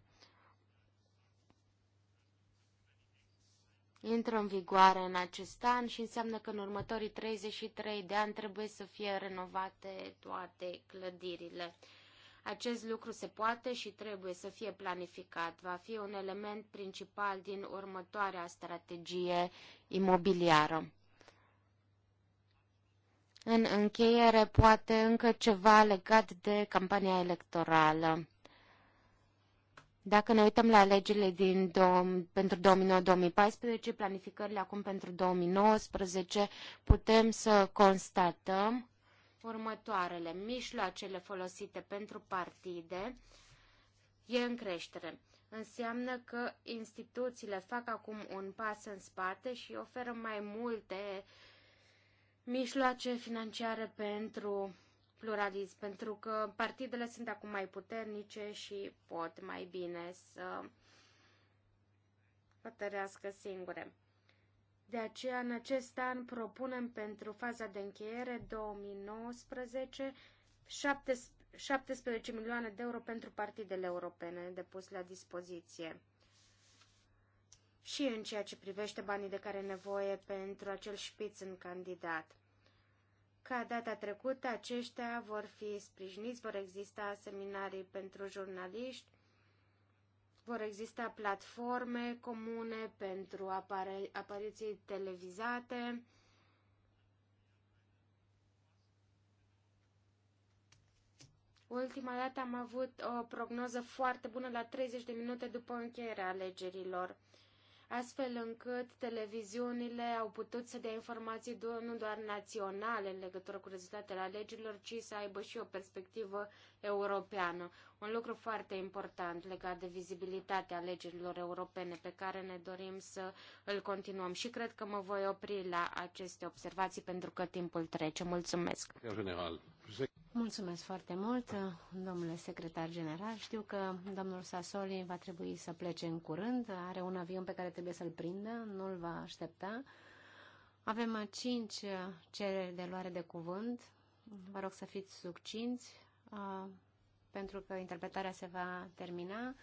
intră în vigoare în acest an și înseamnă că în următorii 33 de ani trebuie să fie renovate toate clădirile. Acest lucru se poate și trebuie să fie planificat. Va fi un element principal din următoarea strategie imobiliară. În încheiere, poate încă ceva legat de campania electorală. Dacă ne uităm la legile din pentru 2009-2014, planificările acum pentru 2019, putem să constatăm următoarele. Mijloacele folosite pentru partide e în creștere. Înseamnă că instituțiile fac acum un pas în spate și oferă mai multe mijloace financiare pentru pluralism, pentru că partidele sunt acum mai puternice și pot mai bine să hotărească singure. De aceea, în acest an propunem pentru faza de încheiere 2019 17 milioane de euro pentru partidele europene depus la dispoziție. Și în ceea ce privește banii de care e nevoie pentru acel șpiț în candidat. Ca data trecută, aceștia vor fi sprijiniți, vor exista seminarii pentru jurnaliști, vor exista platforme comune pentru apari apariții televizate, Ultima dată am avut o prognoză foarte bună la 30 de minute după încheierea alegerilor astfel încât televiziunile au putut să dea informații nu doar naționale în legătură cu rezultatele alegerilor, ci să aibă și o perspectivă europeană. Un lucru foarte important legat de vizibilitatea alegerilor europene pe care ne dorim să îl continuăm și cred că mă voi opri la aceste observații pentru că timpul trece. Mulțumesc! General. Mulțumesc foarte mult, domnule secretar general. Știu că domnul Sasoli va trebui să plece în curând. Are un avion pe care trebuie să-l prindă, nu-l va aștepta. Avem cinci cereri de luare de cuvânt. Vă rog să fiți succinți, pentru că interpretarea se va termina.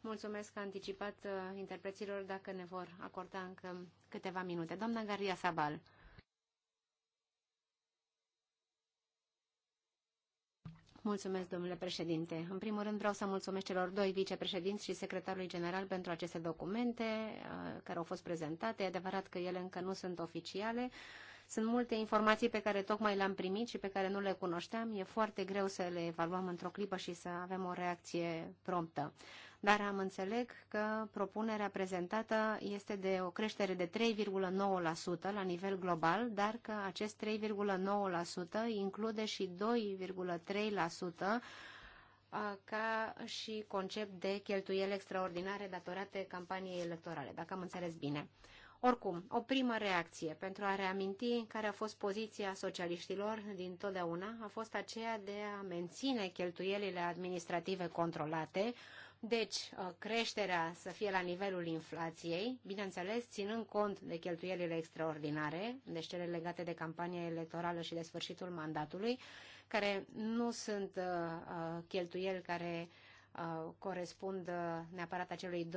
Mulțumesc că anticipat interpreților dacă ne vor acorda încă câteva minute. Doamna Garia Sabal. Mulțumesc, domnule președinte. În primul rând vreau să mulțumesc celor doi vicepreședinți și secretarului general pentru aceste documente uh, care au fost prezentate. E adevărat că ele încă nu sunt oficiale. Sunt multe informații pe care tocmai le-am primit și pe care nu le cunoșteam. E foarte greu să le evaluăm într-o clipă și să avem o reacție promptă dar am înțeleg că propunerea prezentată este de o creștere de 3,9% la nivel global, dar că acest 3,9% include și 2,3% ca și concept de cheltuieli extraordinare datorate campaniei electorale, dacă am înțeles bine. Oricum, o primă reacție pentru a reaminti care a fost poziția socialiștilor din totdeauna a fost aceea de a menține cheltuielile administrative controlate, deci, uh, creșterea să fie la nivelul inflației, bineînțeles, ținând cont de cheltuielile extraordinare, deci cele legate de campania electorală și de sfârșitul mandatului, care nu sunt uh, uh cheltuieli care uh, corespund uh, neapărat acelui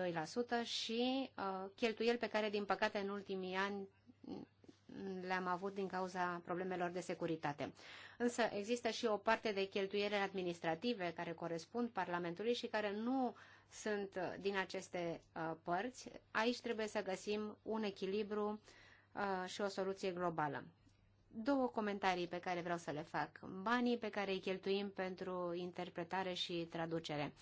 2% și uh, cheltuieli pe care, din păcate, în ultimii ani le-am avut din cauza problemelor de securitate. Însă există și o parte de cheltuiere administrative care corespund Parlamentului și care nu sunt din aceste uh, părți. Aici trebuie să găsim un echilibru uh, și o soluție globală. Două comentarii pe care vreau să le fac. Banii pe care îi cheltuim pentru interpretare și traducere. Uh,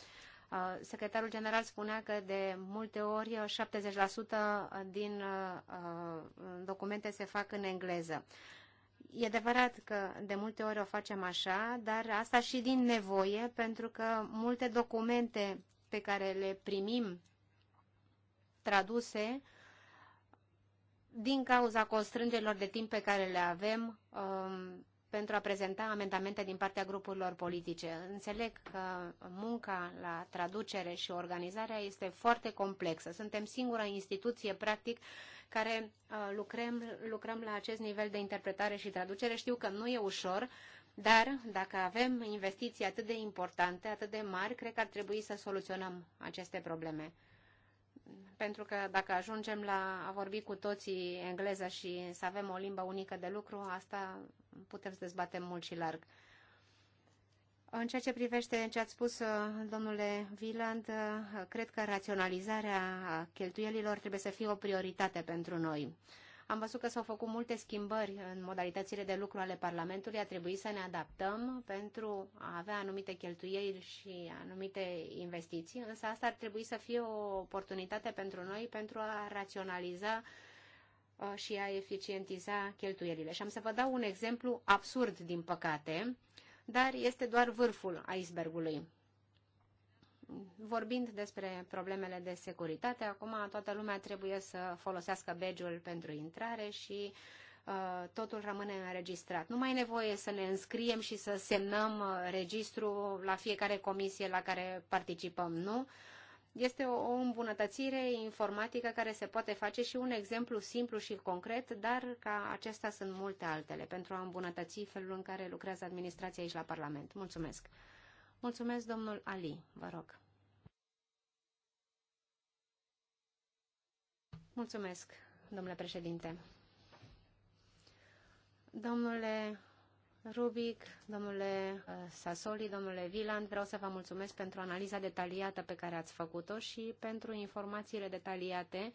Uh, secretarul general spunea că de multe ori 70% uh, din uh, documente se fac în engleză. E adevărat că de multe ori o facem așa, dar asta și din nevoie, pentru că multe documente pe care le primim traduse, din cauza constrângerilor de timp pe care le avem, um, pentru a prezenta amendamente din partea grupurilor politice. Înțeleg că munca la traducere și organizarea este foarte complexă. Suntem singura instituție, practic, care uh, lucrăm, lucrăm la acest nivel de interpretare și traducere. Știu că nu e ușor, dar dacă avem investiții atât de importante, atât de mari, cred că ar trebui să soluționăm aceste probleme pentru că dacă ajungem la a vorbi cu toții engleză și să avem o limbă unică de lucru, asta putem să dezbatem mult și larg. În ceea ce privește ce ați spus, uh, domnule Viland, uh, cred că raționalizarea cheltuielilor trebuie să fie o prioritate pentru noi. Am văzut că s-au făcut multe schimbări în modalitățile de lucru ale Parlamentului. A trebuit să ne adaptăm pentru a avea anumite cheltuieli și anumite investiții, însă asta ar trebui să fie o oportunitate pentru noi pentru a raționaliza uh, și a eficientiza cheltuielile. Și am să vă dau un exemplu absurd, din păcate, dar este doar vârful icebergului vorbind despre problemele de securitate, acum toată lumea trebuie să folosească badge-ul pentru intrare și uh, totul rămâne înregistrat. Nu mai e nevoie să ne înscriem și să semnăm uh, registru la fiecare comisie la care participăm, nu? Este o, o îmbunătățire informatică care se poate face și un exemplu simplu și concret, dar ca acesta sunt multe altele pentru a îmbunătăți felul în care lucrează administrația aici la Parlament. Mulțumesc! Mulțumesc, domnul Ali, vă rog. Mulțumesc, domnule președinte. Domnule Rubic, domnule uh, Sasoli, domnule Viland, vreau să vă mulțumesc pentru analiza detaliată pe care ați făcut-o și pentru informațiile detaliate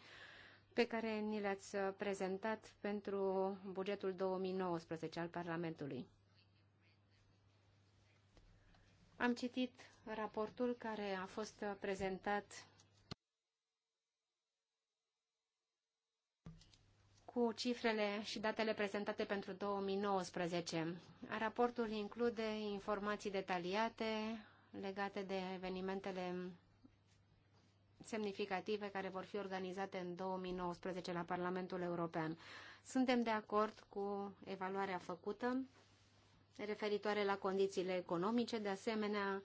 pe care ni le-ați prezentat pentru bugetul 2019 al Parlamentului. Am citit raportul care a fost prezentat cu cifrele și datele prezentate pentru 2019. Raportul include informații detaliate legate de evenimentele semnificative care vor fi organizate în 2019 la Parlamentul European. Suntem de acord cu evaluarea făcută referitoare la condițiile economice, de asemenea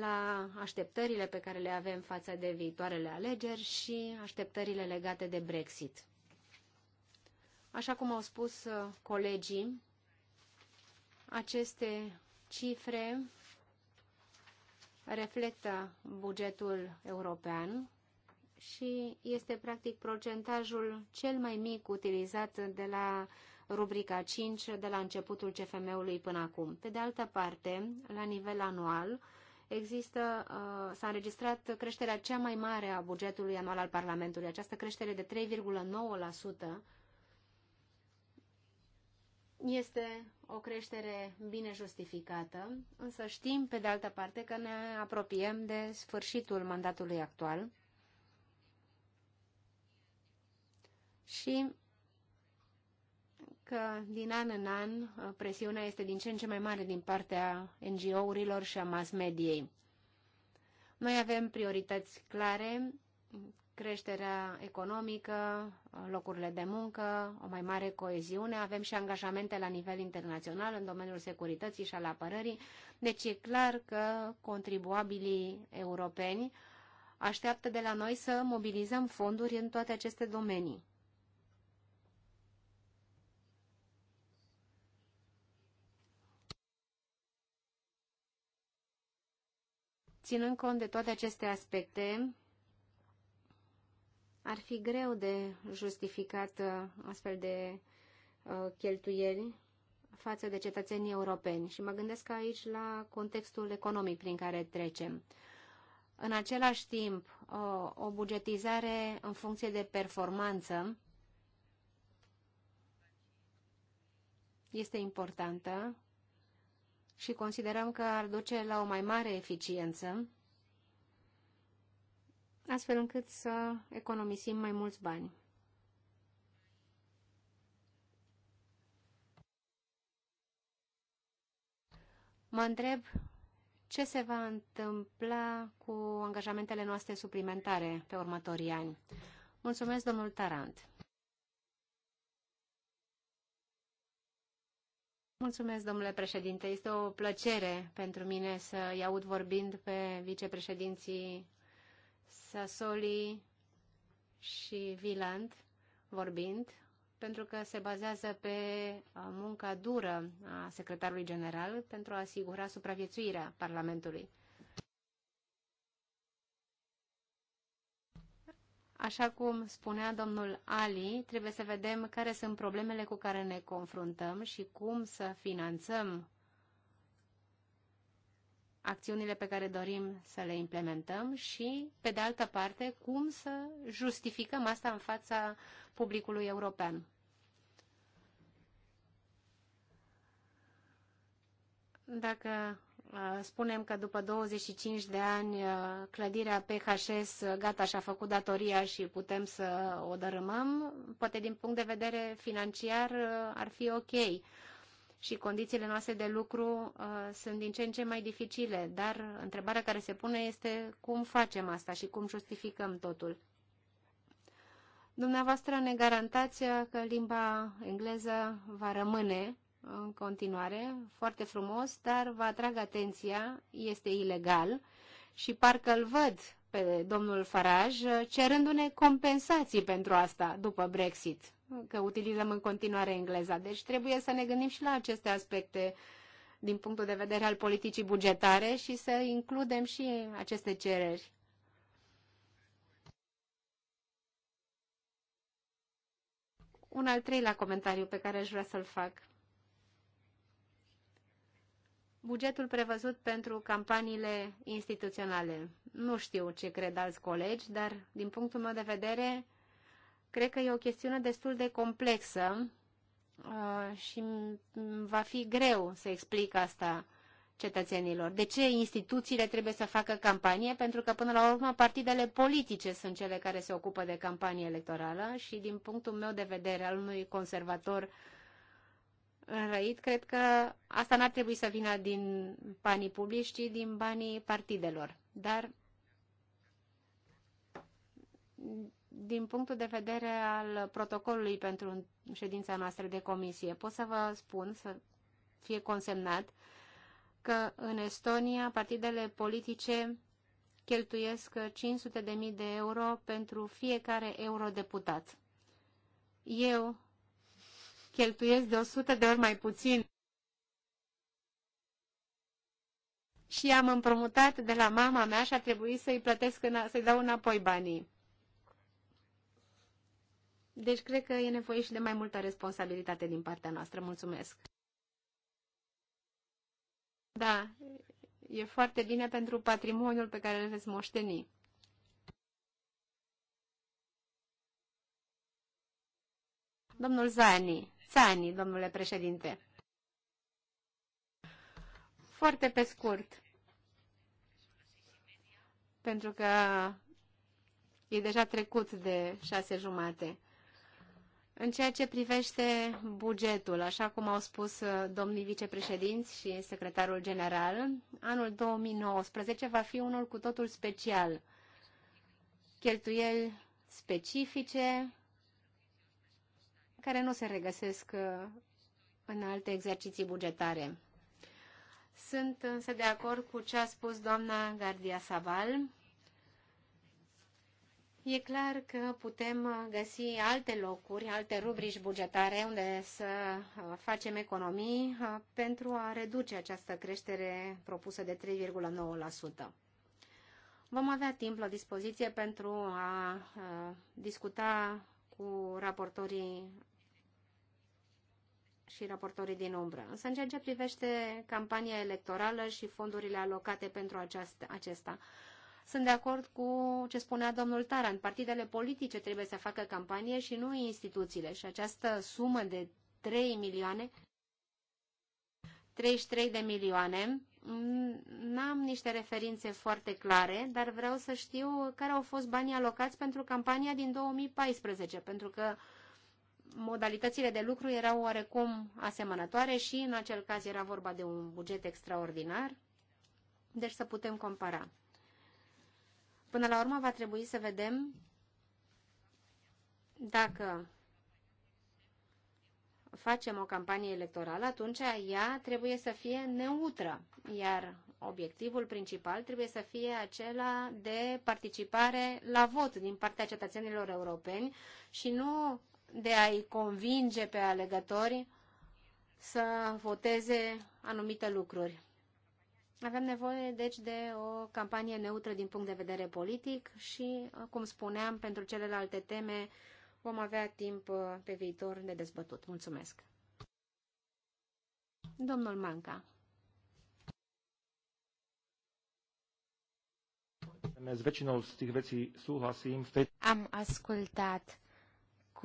la așteptările pe care le avem față de viitoarele alegeri și așteptările legate de Brexit. Așa cum au spus uh, colegii, aceste cifre reflectă bugetul european și este practic procentajul cel mai mic utilizat de la rubrica 5 de la începutul CFM-ului până acum. Pe de altă parte, la nivel anual, există, uh, s-a înregistrat creșterea cea mai mare a bugetului anual al Parlamentului, această creștere de 3,9%, este o creștere bine justificată, însă știm, pe de altă parte, că ne apropiem de sfârșitul mandatului actual și că din an în an uh, presiunea este din ce în ce mai mare din partea NGO-urilor și a mass-mediei. Noi avem priorități clare, creșterea economică, uh, locurile de muncă, o mai mare coeziune, avem și angajamente la nivel internațional în domeniul securității și al apărării, deci e clar că contribuabilii europeni așteaptă de la noi să mobilizăm fonduri în toate aceste domenii. Ținând cont de toate aceste aspecte, ar fi greu de justificat uh, astfel de uh, cheltuieli față de cetățenii europeni și mă gândesc aici la contextul economic prin care trecem. În același timp, o bugetizare în funcție de performanță este importantă și considerăm că ar duce la o mai mare eficiență, astfel încât să economisim mai mulți bani. Mă întreb ce se va întâmpla cu angajamentele noastre suplimentare pe următorii ani. Mulțumesc, domnul Tarant. Mulțumesc, domnule președinte. Este o plăcere pentru mine să îi aud vorbind pe vicepreședinții Sassoli și Viland vorbind, pentru că se bazează pe uh, munca dură a secretarului general pentru a asigura supraviețuirea Parlamentului. Așa cum spunea domnul Ali, trebuie să vedem care sunt problemele cu care ne confruntăm și cum să finanțăm acțiunile pe care dorim să le implementăm și, pe de altă parte, cum să justificăm asta în fața publicului european. Dacă spunem că după 25 de ani clădirea PHS gata și-a făcut datoria și putem să o dărâmăm, poate din punct de vedere financiar ar fi ok și condițiile noastre de lucru sunt din ce în ce mai dificile, dar întrebarea care se pune este cum facem asta și cum justificăm totul. Dumneavoastră ne garantați că limba engleză va rămâne în continuare, foarte frumos, dar vă atrag atenția, este ilegal și parcă îl văd pe domnul Farage cerându-ne compensații pentru asta după Brexit, că utilizăm în continuare engleza. Deci trebuie să ne gândim și la aceste aspecte din punctul de vedere al politicii bugetare și să includem și aceste cereri. Un al treilea comentariu pe care aș vrea să-l fac bugetul prevăzut pentru campaniile instituționale. Nu știu ce cred alți colegi, dar din punctul meu de vedere, cred că e o chestiune destul de complexă uh, și va fi greu să explic asta cetățenilor. De ce instituțiile trebuie să facă campanie? Pentru că, până la urmă, partidele politice sunt cele care se ocupă de campanie electorală și, din punctul meu de vedere, al unui conservator uh, înrăit, cred că asta n-ar trebui să vină din banii publici, ci din banii partidelor. Dar din punctul de vedere al protocolului pentru ședința noastră de comisie, pot să vă spun, să fie consemnat, că în Estonia partidele politice cheltuiesc 500.000 de euro pentru fiecare eurodeputat. Eu cheltuiesc de 100 de ori mai puțin. Și am împrumutat de la mama mea și a trebuit să-i plătesc, să-i dau înapoi banii. Deci cred că e nevoie și de mai multă responsabilitate din partea noastră. Mulțumesc! Da, e foarte bine pentru patrimoniul pe care îl veți moșteni. Domnul Zani ani, domnule președinte. Foarte pe scurt, pentru că e deja trecut de șase jumate. În ceea ce privește bugetul, așa cum au spus uh, domnii vicepreședinți și secretarul general, anul 2019 va fi unul cu totul special. Cheltuieli specifice care nu se regăsesc uh, în alte exerciții bugetare. Sunt însă de acord cu ce a spus doamna Gardia Saval. E clar că putem uh, găsi alte locuri, alte rubrici bugetare unde să uh, facem economii pentru a reduce această creștere propusă de 3,9%. Vom avea timp la dispoziție pentru a discuta cu raportorii și raportorii din umbră. Însă în ceea ce privește campania electorală și fondurile alocate pentru aceast, acesta, sunt de acord cu ce spunea domnul Taran. Partidele politice trebuie să facă campanie și nu instituțiile. Și această sumă de 3 milioane, 33 de milioane, n-am niște referințe foarte clare, dar vreau să știu care au fost banii alocați pentru campania din 2014, pentru că modalitățile de lucru erau oarecum asemănătoare și în acel caz era vorba de un buget extraordinar, deci să putem compara. Până la urmă va trebui să vedem dacă facem o campanie electorală, atunci ea trebuie să fie neutră, iar obiectivul principal trebuie să fie acela de participare la vot din partea cetățenilor europeni și nu de a-i convinge pe alegători să voteze anumite lucruri. Avem nevoie, deci, de o campanie neutră din punct de vedere politic și, uh, cum spuneam, pentru celelalte teme vom avea timp uh, pe viitor de dezbătut. Mulțumesc! Domnul Manca. Am ascultat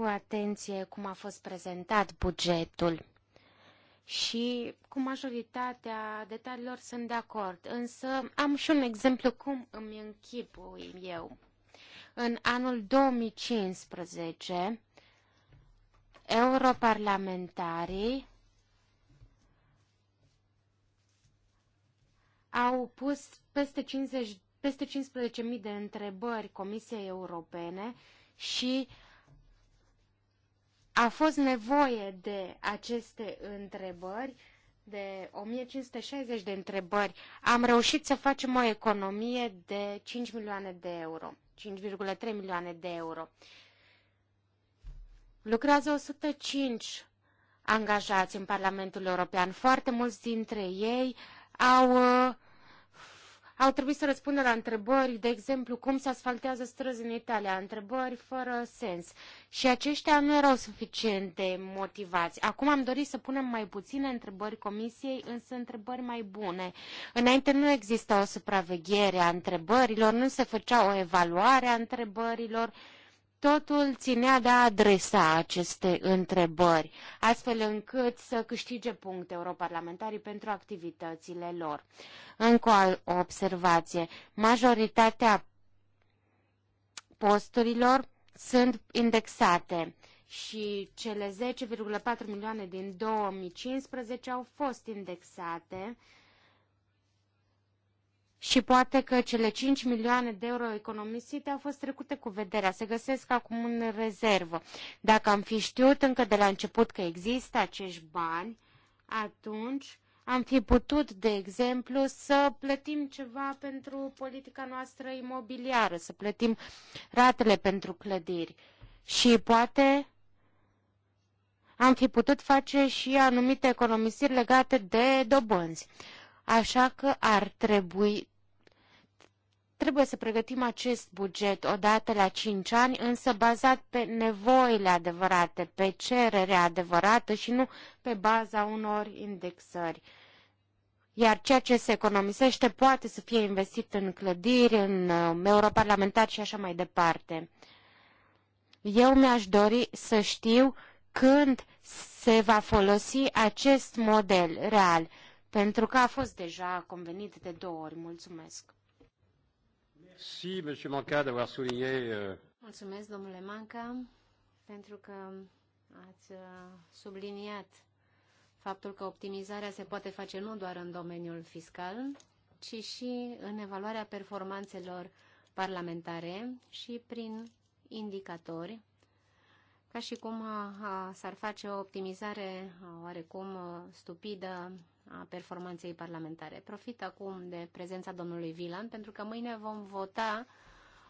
cu atenție cum a fost prezentat bugetul și cu majoritatea detaliilor sunt de acord, însă am și un exemplu cum îmi închipui eu. În anul 2015, europarlamentarii au pus peste 50 peste 15.000 de întrebări Comisiei Europene și uh, a fost nevoie de aceste întrebări, de 1560 de întrebări. Am reușit să facem o economie de 5 milioane de euro, 5,3 milioane de euro. Lucrează 105 angajați în Parlamentul European. Foarte mulți dintre ei au uh, au trebuit să răspundă la întrebări, de exemplu, cum se asfaltează străzi în Italia, întrebări fără sens. Și aceștia nu erau suficient de motivați. Acum am dorit să punem mai puține întrebări comisiei, însă întrebări mai bune. Înainte nu exista o supraveghere a întrebărilor, nu se făcea o evaluare a întrebărilor, Totul ținea de a adresa aceste întrebări, astfel încât să câștige puncte europarlamentarii pentru activitățile lor. Încă o observație. Majoritatea posturilor sunt indexate și cele 10,4 milioane din 2015 au fost indexate și poate că cele 5 milioane de euro economisite au fost trecute cu vederea, se găsesc acum în rezervă. Dacă am fi știut încă de la început că există acești bani, atunci am fi putut, de exemplu, să plătim ceva pentru politica noastră imobiliară, să plătim ratele pentru clădiri. Și poate am fi putut face și anumite economisiri legate de dobânzi. Așa că ar trebui Trebuie să pregătim acest buget odată la 5 ani, însă bazat pe nevoile adevărate, pe cerere adevărată și nu pe baza unor indexări. Iar ceea ce se economisește poate să fie investit în clădiri, în uh, europarlamentar și așa mai departe. Eu mi-aș dori să știu când se va folosi acest model real, pentru că a fost deja convenit de două ori. Mulțumesc! Merci, Monsieur Manca, d'avoir souligné. Euh, Mulțumesc, domnule Manca, pentru că ați uh, subliniat faptul că optimizarea se poate face nu doar în domeniul fiscal, ci și în evaluarea performanțelor parlamentare și prin indicatori, ca și cum uh, s-ar face o optimizare uh, oarecum stupidă a performanței parlamentare. Profit acum de prezența domnului Vilan, pentru că mâine vom vota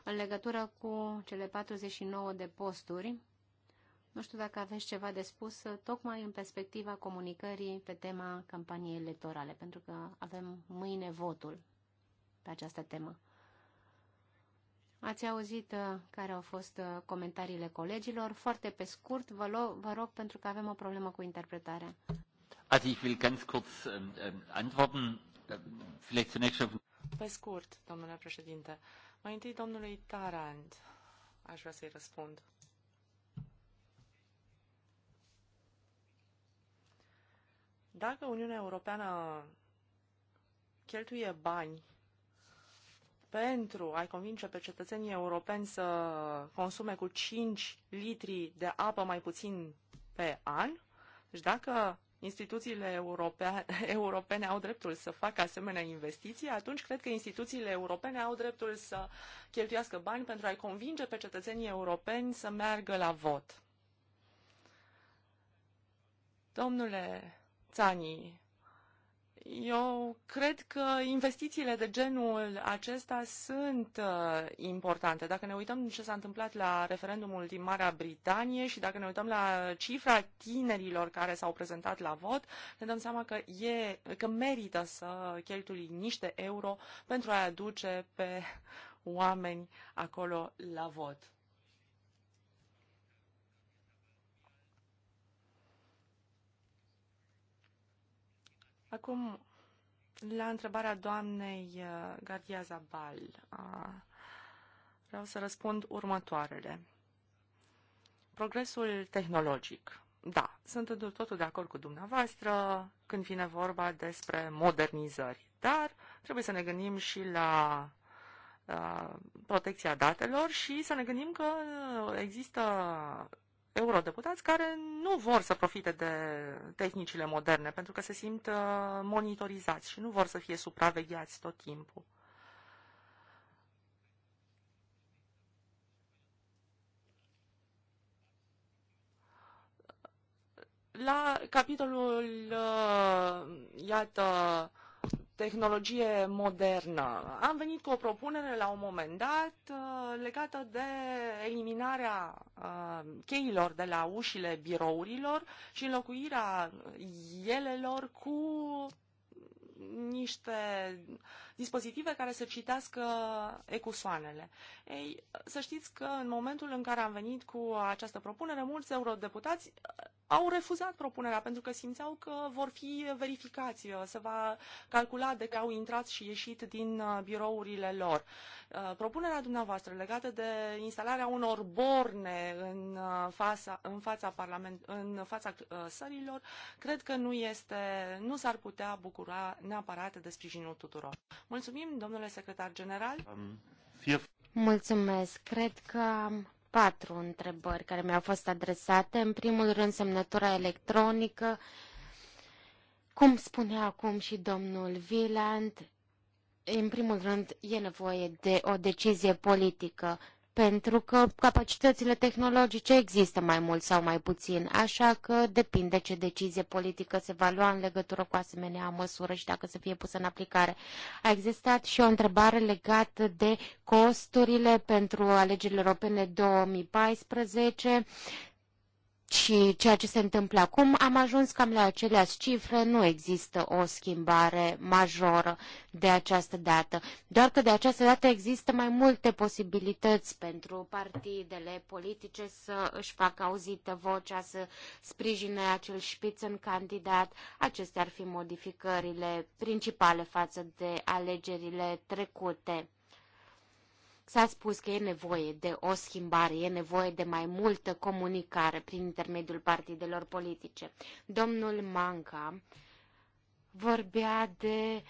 în legătură cu cele 49 de posturi. Nu știu dacă aveți ceva de spus, tocmai în perspectiva comunicării pe tema campaniei electorale, pentru că avem mâine votul pe această temă. Ați auzit uh, care au fost uh, comentariile colegilor. Foarte pe scurt, vă, vă rog, pentru că avem o problemă cu interpretarea. Also ich will ganz kurz ähm, ähm antworten. Äh, vielleicht zunächst auf... Pe scurt, domnule președinte. Mai întâi domnului Tarand. Aș vrea să-i răspund. Dacă Uniunea Europeană cheltuie bani pentru a-i convinge pe cetățenii europeni să consume cu 5 litri de apă mai puțin pe an, deci dacă instituțiile europene au dreptul să facă asemenea investiții, atunci cred că instituțiile europene au dreptul să cheltuiască bani pentru a-i convinge pe cetățenii europeni să meargă la vot. Domnule Țanii, eu cred că investițiile de genul acesta sunt uh, importante. Dacă ne uităm ce s-a întâmplat la referendumul din Marea Britanie și dacă ne uităm la cifra tinerilor care s-au prezentat la vot, ne dăm seama că, e, că merită să cheltui niște euro pentru a aduce pe oameni acolo la vot. Acum, la întrebarea doamnei uh, Gardia Zabal, vreau să răspund următoarele. Progresul tehnologic. Da, sunt într totul de acord cu dumneavoastră când vine vorba despre modernizări, dar trebuie să ne gândim și la uh, protecția datelor și să ne gândim că există eurodeputați care nu vor să profite de tehnicile moderne pentru că se simt uh, monitorizați și nu vor să fie supravegheați tot timpul. La capitolul, uh, iată, tehnologie modernă. Am venit cu o propunere la un moment dat uh, legată de eliminarea uh, cheilor de la ușile birourilor și înlocuirea elelor cu niște dispozitive care să citească ecusoanele. Ei, să știți că în momentul în care am venit cu această propunere, mulți eurodeputați uh, au refuzat propunerea pentru că simțeau că vor fi verificați, uh, se va calcula de că au intrat și ieșit din uh, birourile lor. Propunerea dumneavoastră legată de instalarea unor borne în fața, în fața, parlament, în fața sărilor, cred că nu, este, nu s-ar putea bucura neapărat de sprijinul tuturor. Mulțumim, domnule secretar general. Mulțumesc. Cred că am patru întrebări care mi-au fost adresate. În primul rând, semnătura electronică. Cum spunea acum și domnul Viland, în primul rând e nevoie de o decizie politică pentru că capacitățile tehnologice există mai mult sau mai puțin, așa că depinde ce decizie politică se va lua în legătură cu asemenea măsură și dacă să fie pusă în aplicare. A existat și o întrebare legată de costurile pentru alegerile europene 2014 și ceea ce se întâmplă acum, am ajuns cam la aceleași cifre, nu există o schimbare majoră de această dată. Doar că de această dată există mai multe posibilități pentru partidele politice să își facă auzită vocea, să sprijine acel în candidat. Acestea ar fi modificările principale față de alegerile trecute. S-a spus că e nevoie de o schimbare, e nevoie de mai multă comunicare prin intermediul partidelor politice. Domnul Manca vorbea de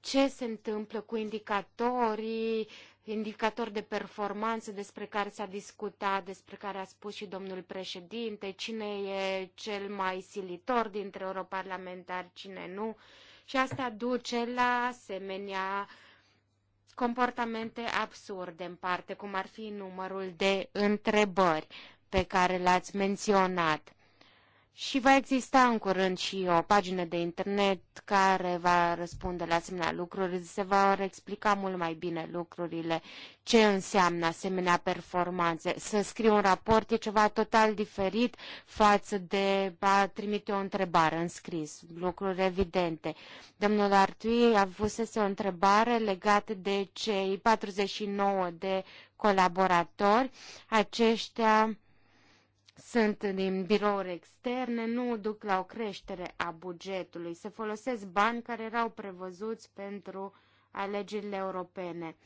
ce se întâmplă cu indicatorii, indicatori de performanță despre care s-a discutat, despre care a spus și domnul președinte, cine e cel mai silitor dintre europarlamentari, cine nu. Și asta duce la asemenea uh, comportamente absurde în parte, cum ar fi numărul de întrebări pe care l-ați menționat. Și va exista în curând și o pagină de internet care va răspunde la asemenea lucruri, se va explica mult mai bine lucrurile, ce înseamnă asemenea performanțe. Să scrii un raport e ceva total diferit față de a trimite o întrebare în scris, lucruri evidente. Domnul Artui a avusese o întrebare legată de cei 49 de colaboratori. Aceștia sunt din birouri externe, nu duc la o creștere a bugetului. Se folosesc bani care erau prevăzuți pentru alegerile europene.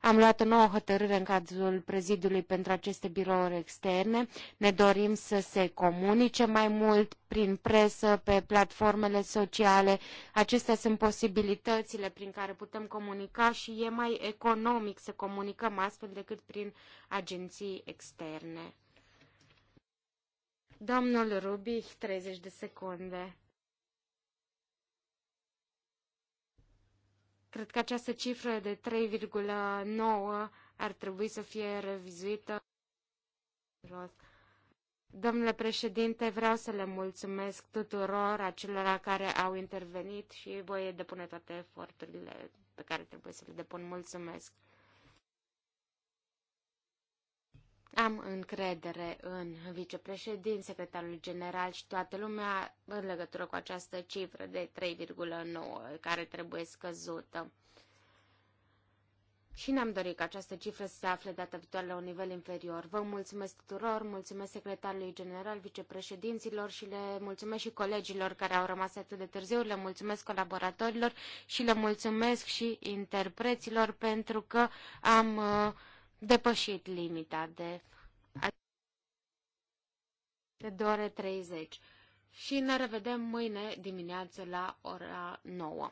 Am luat o nouă hotărâre în cazul prezidului pentru aceste birouri externe. Ne dorim să se comunice mai mult prin presă, pe platformele sociale. Acestea sunt posibilitățile prin care putem comunica și e mai economic să comunicăm astfel decât prin agenții externe. Domnul Rubich, 30 de secunde. Cred că această cifră de 3,9 ar trebui să fie revizuită. Domnule președinte, vreau să le mulțumesc tuturor acelora care au intervenit și voi depune toate eforturile pe care trebuie să le depun. Mulțumesc! Am încredere în vicepreședinte, secretarul general și toată lumea în legătură cu această cifră de 3,9 care trebuie scăzută. Și ne-am dorit ca această cifră să se afle data viitoare la un nivel inferior. Vă mulțumesc tuturor, mulțumesc secretarului general, vicepreședinților și le mulțumesc și colegilor care au rămas atât de târziu, le mulțumesc colaboratorilor și le mulțumesc și interpreților pentru că am uh, depășit limita de, de ore 30 și ne revedem mâine dimineață la ora 9.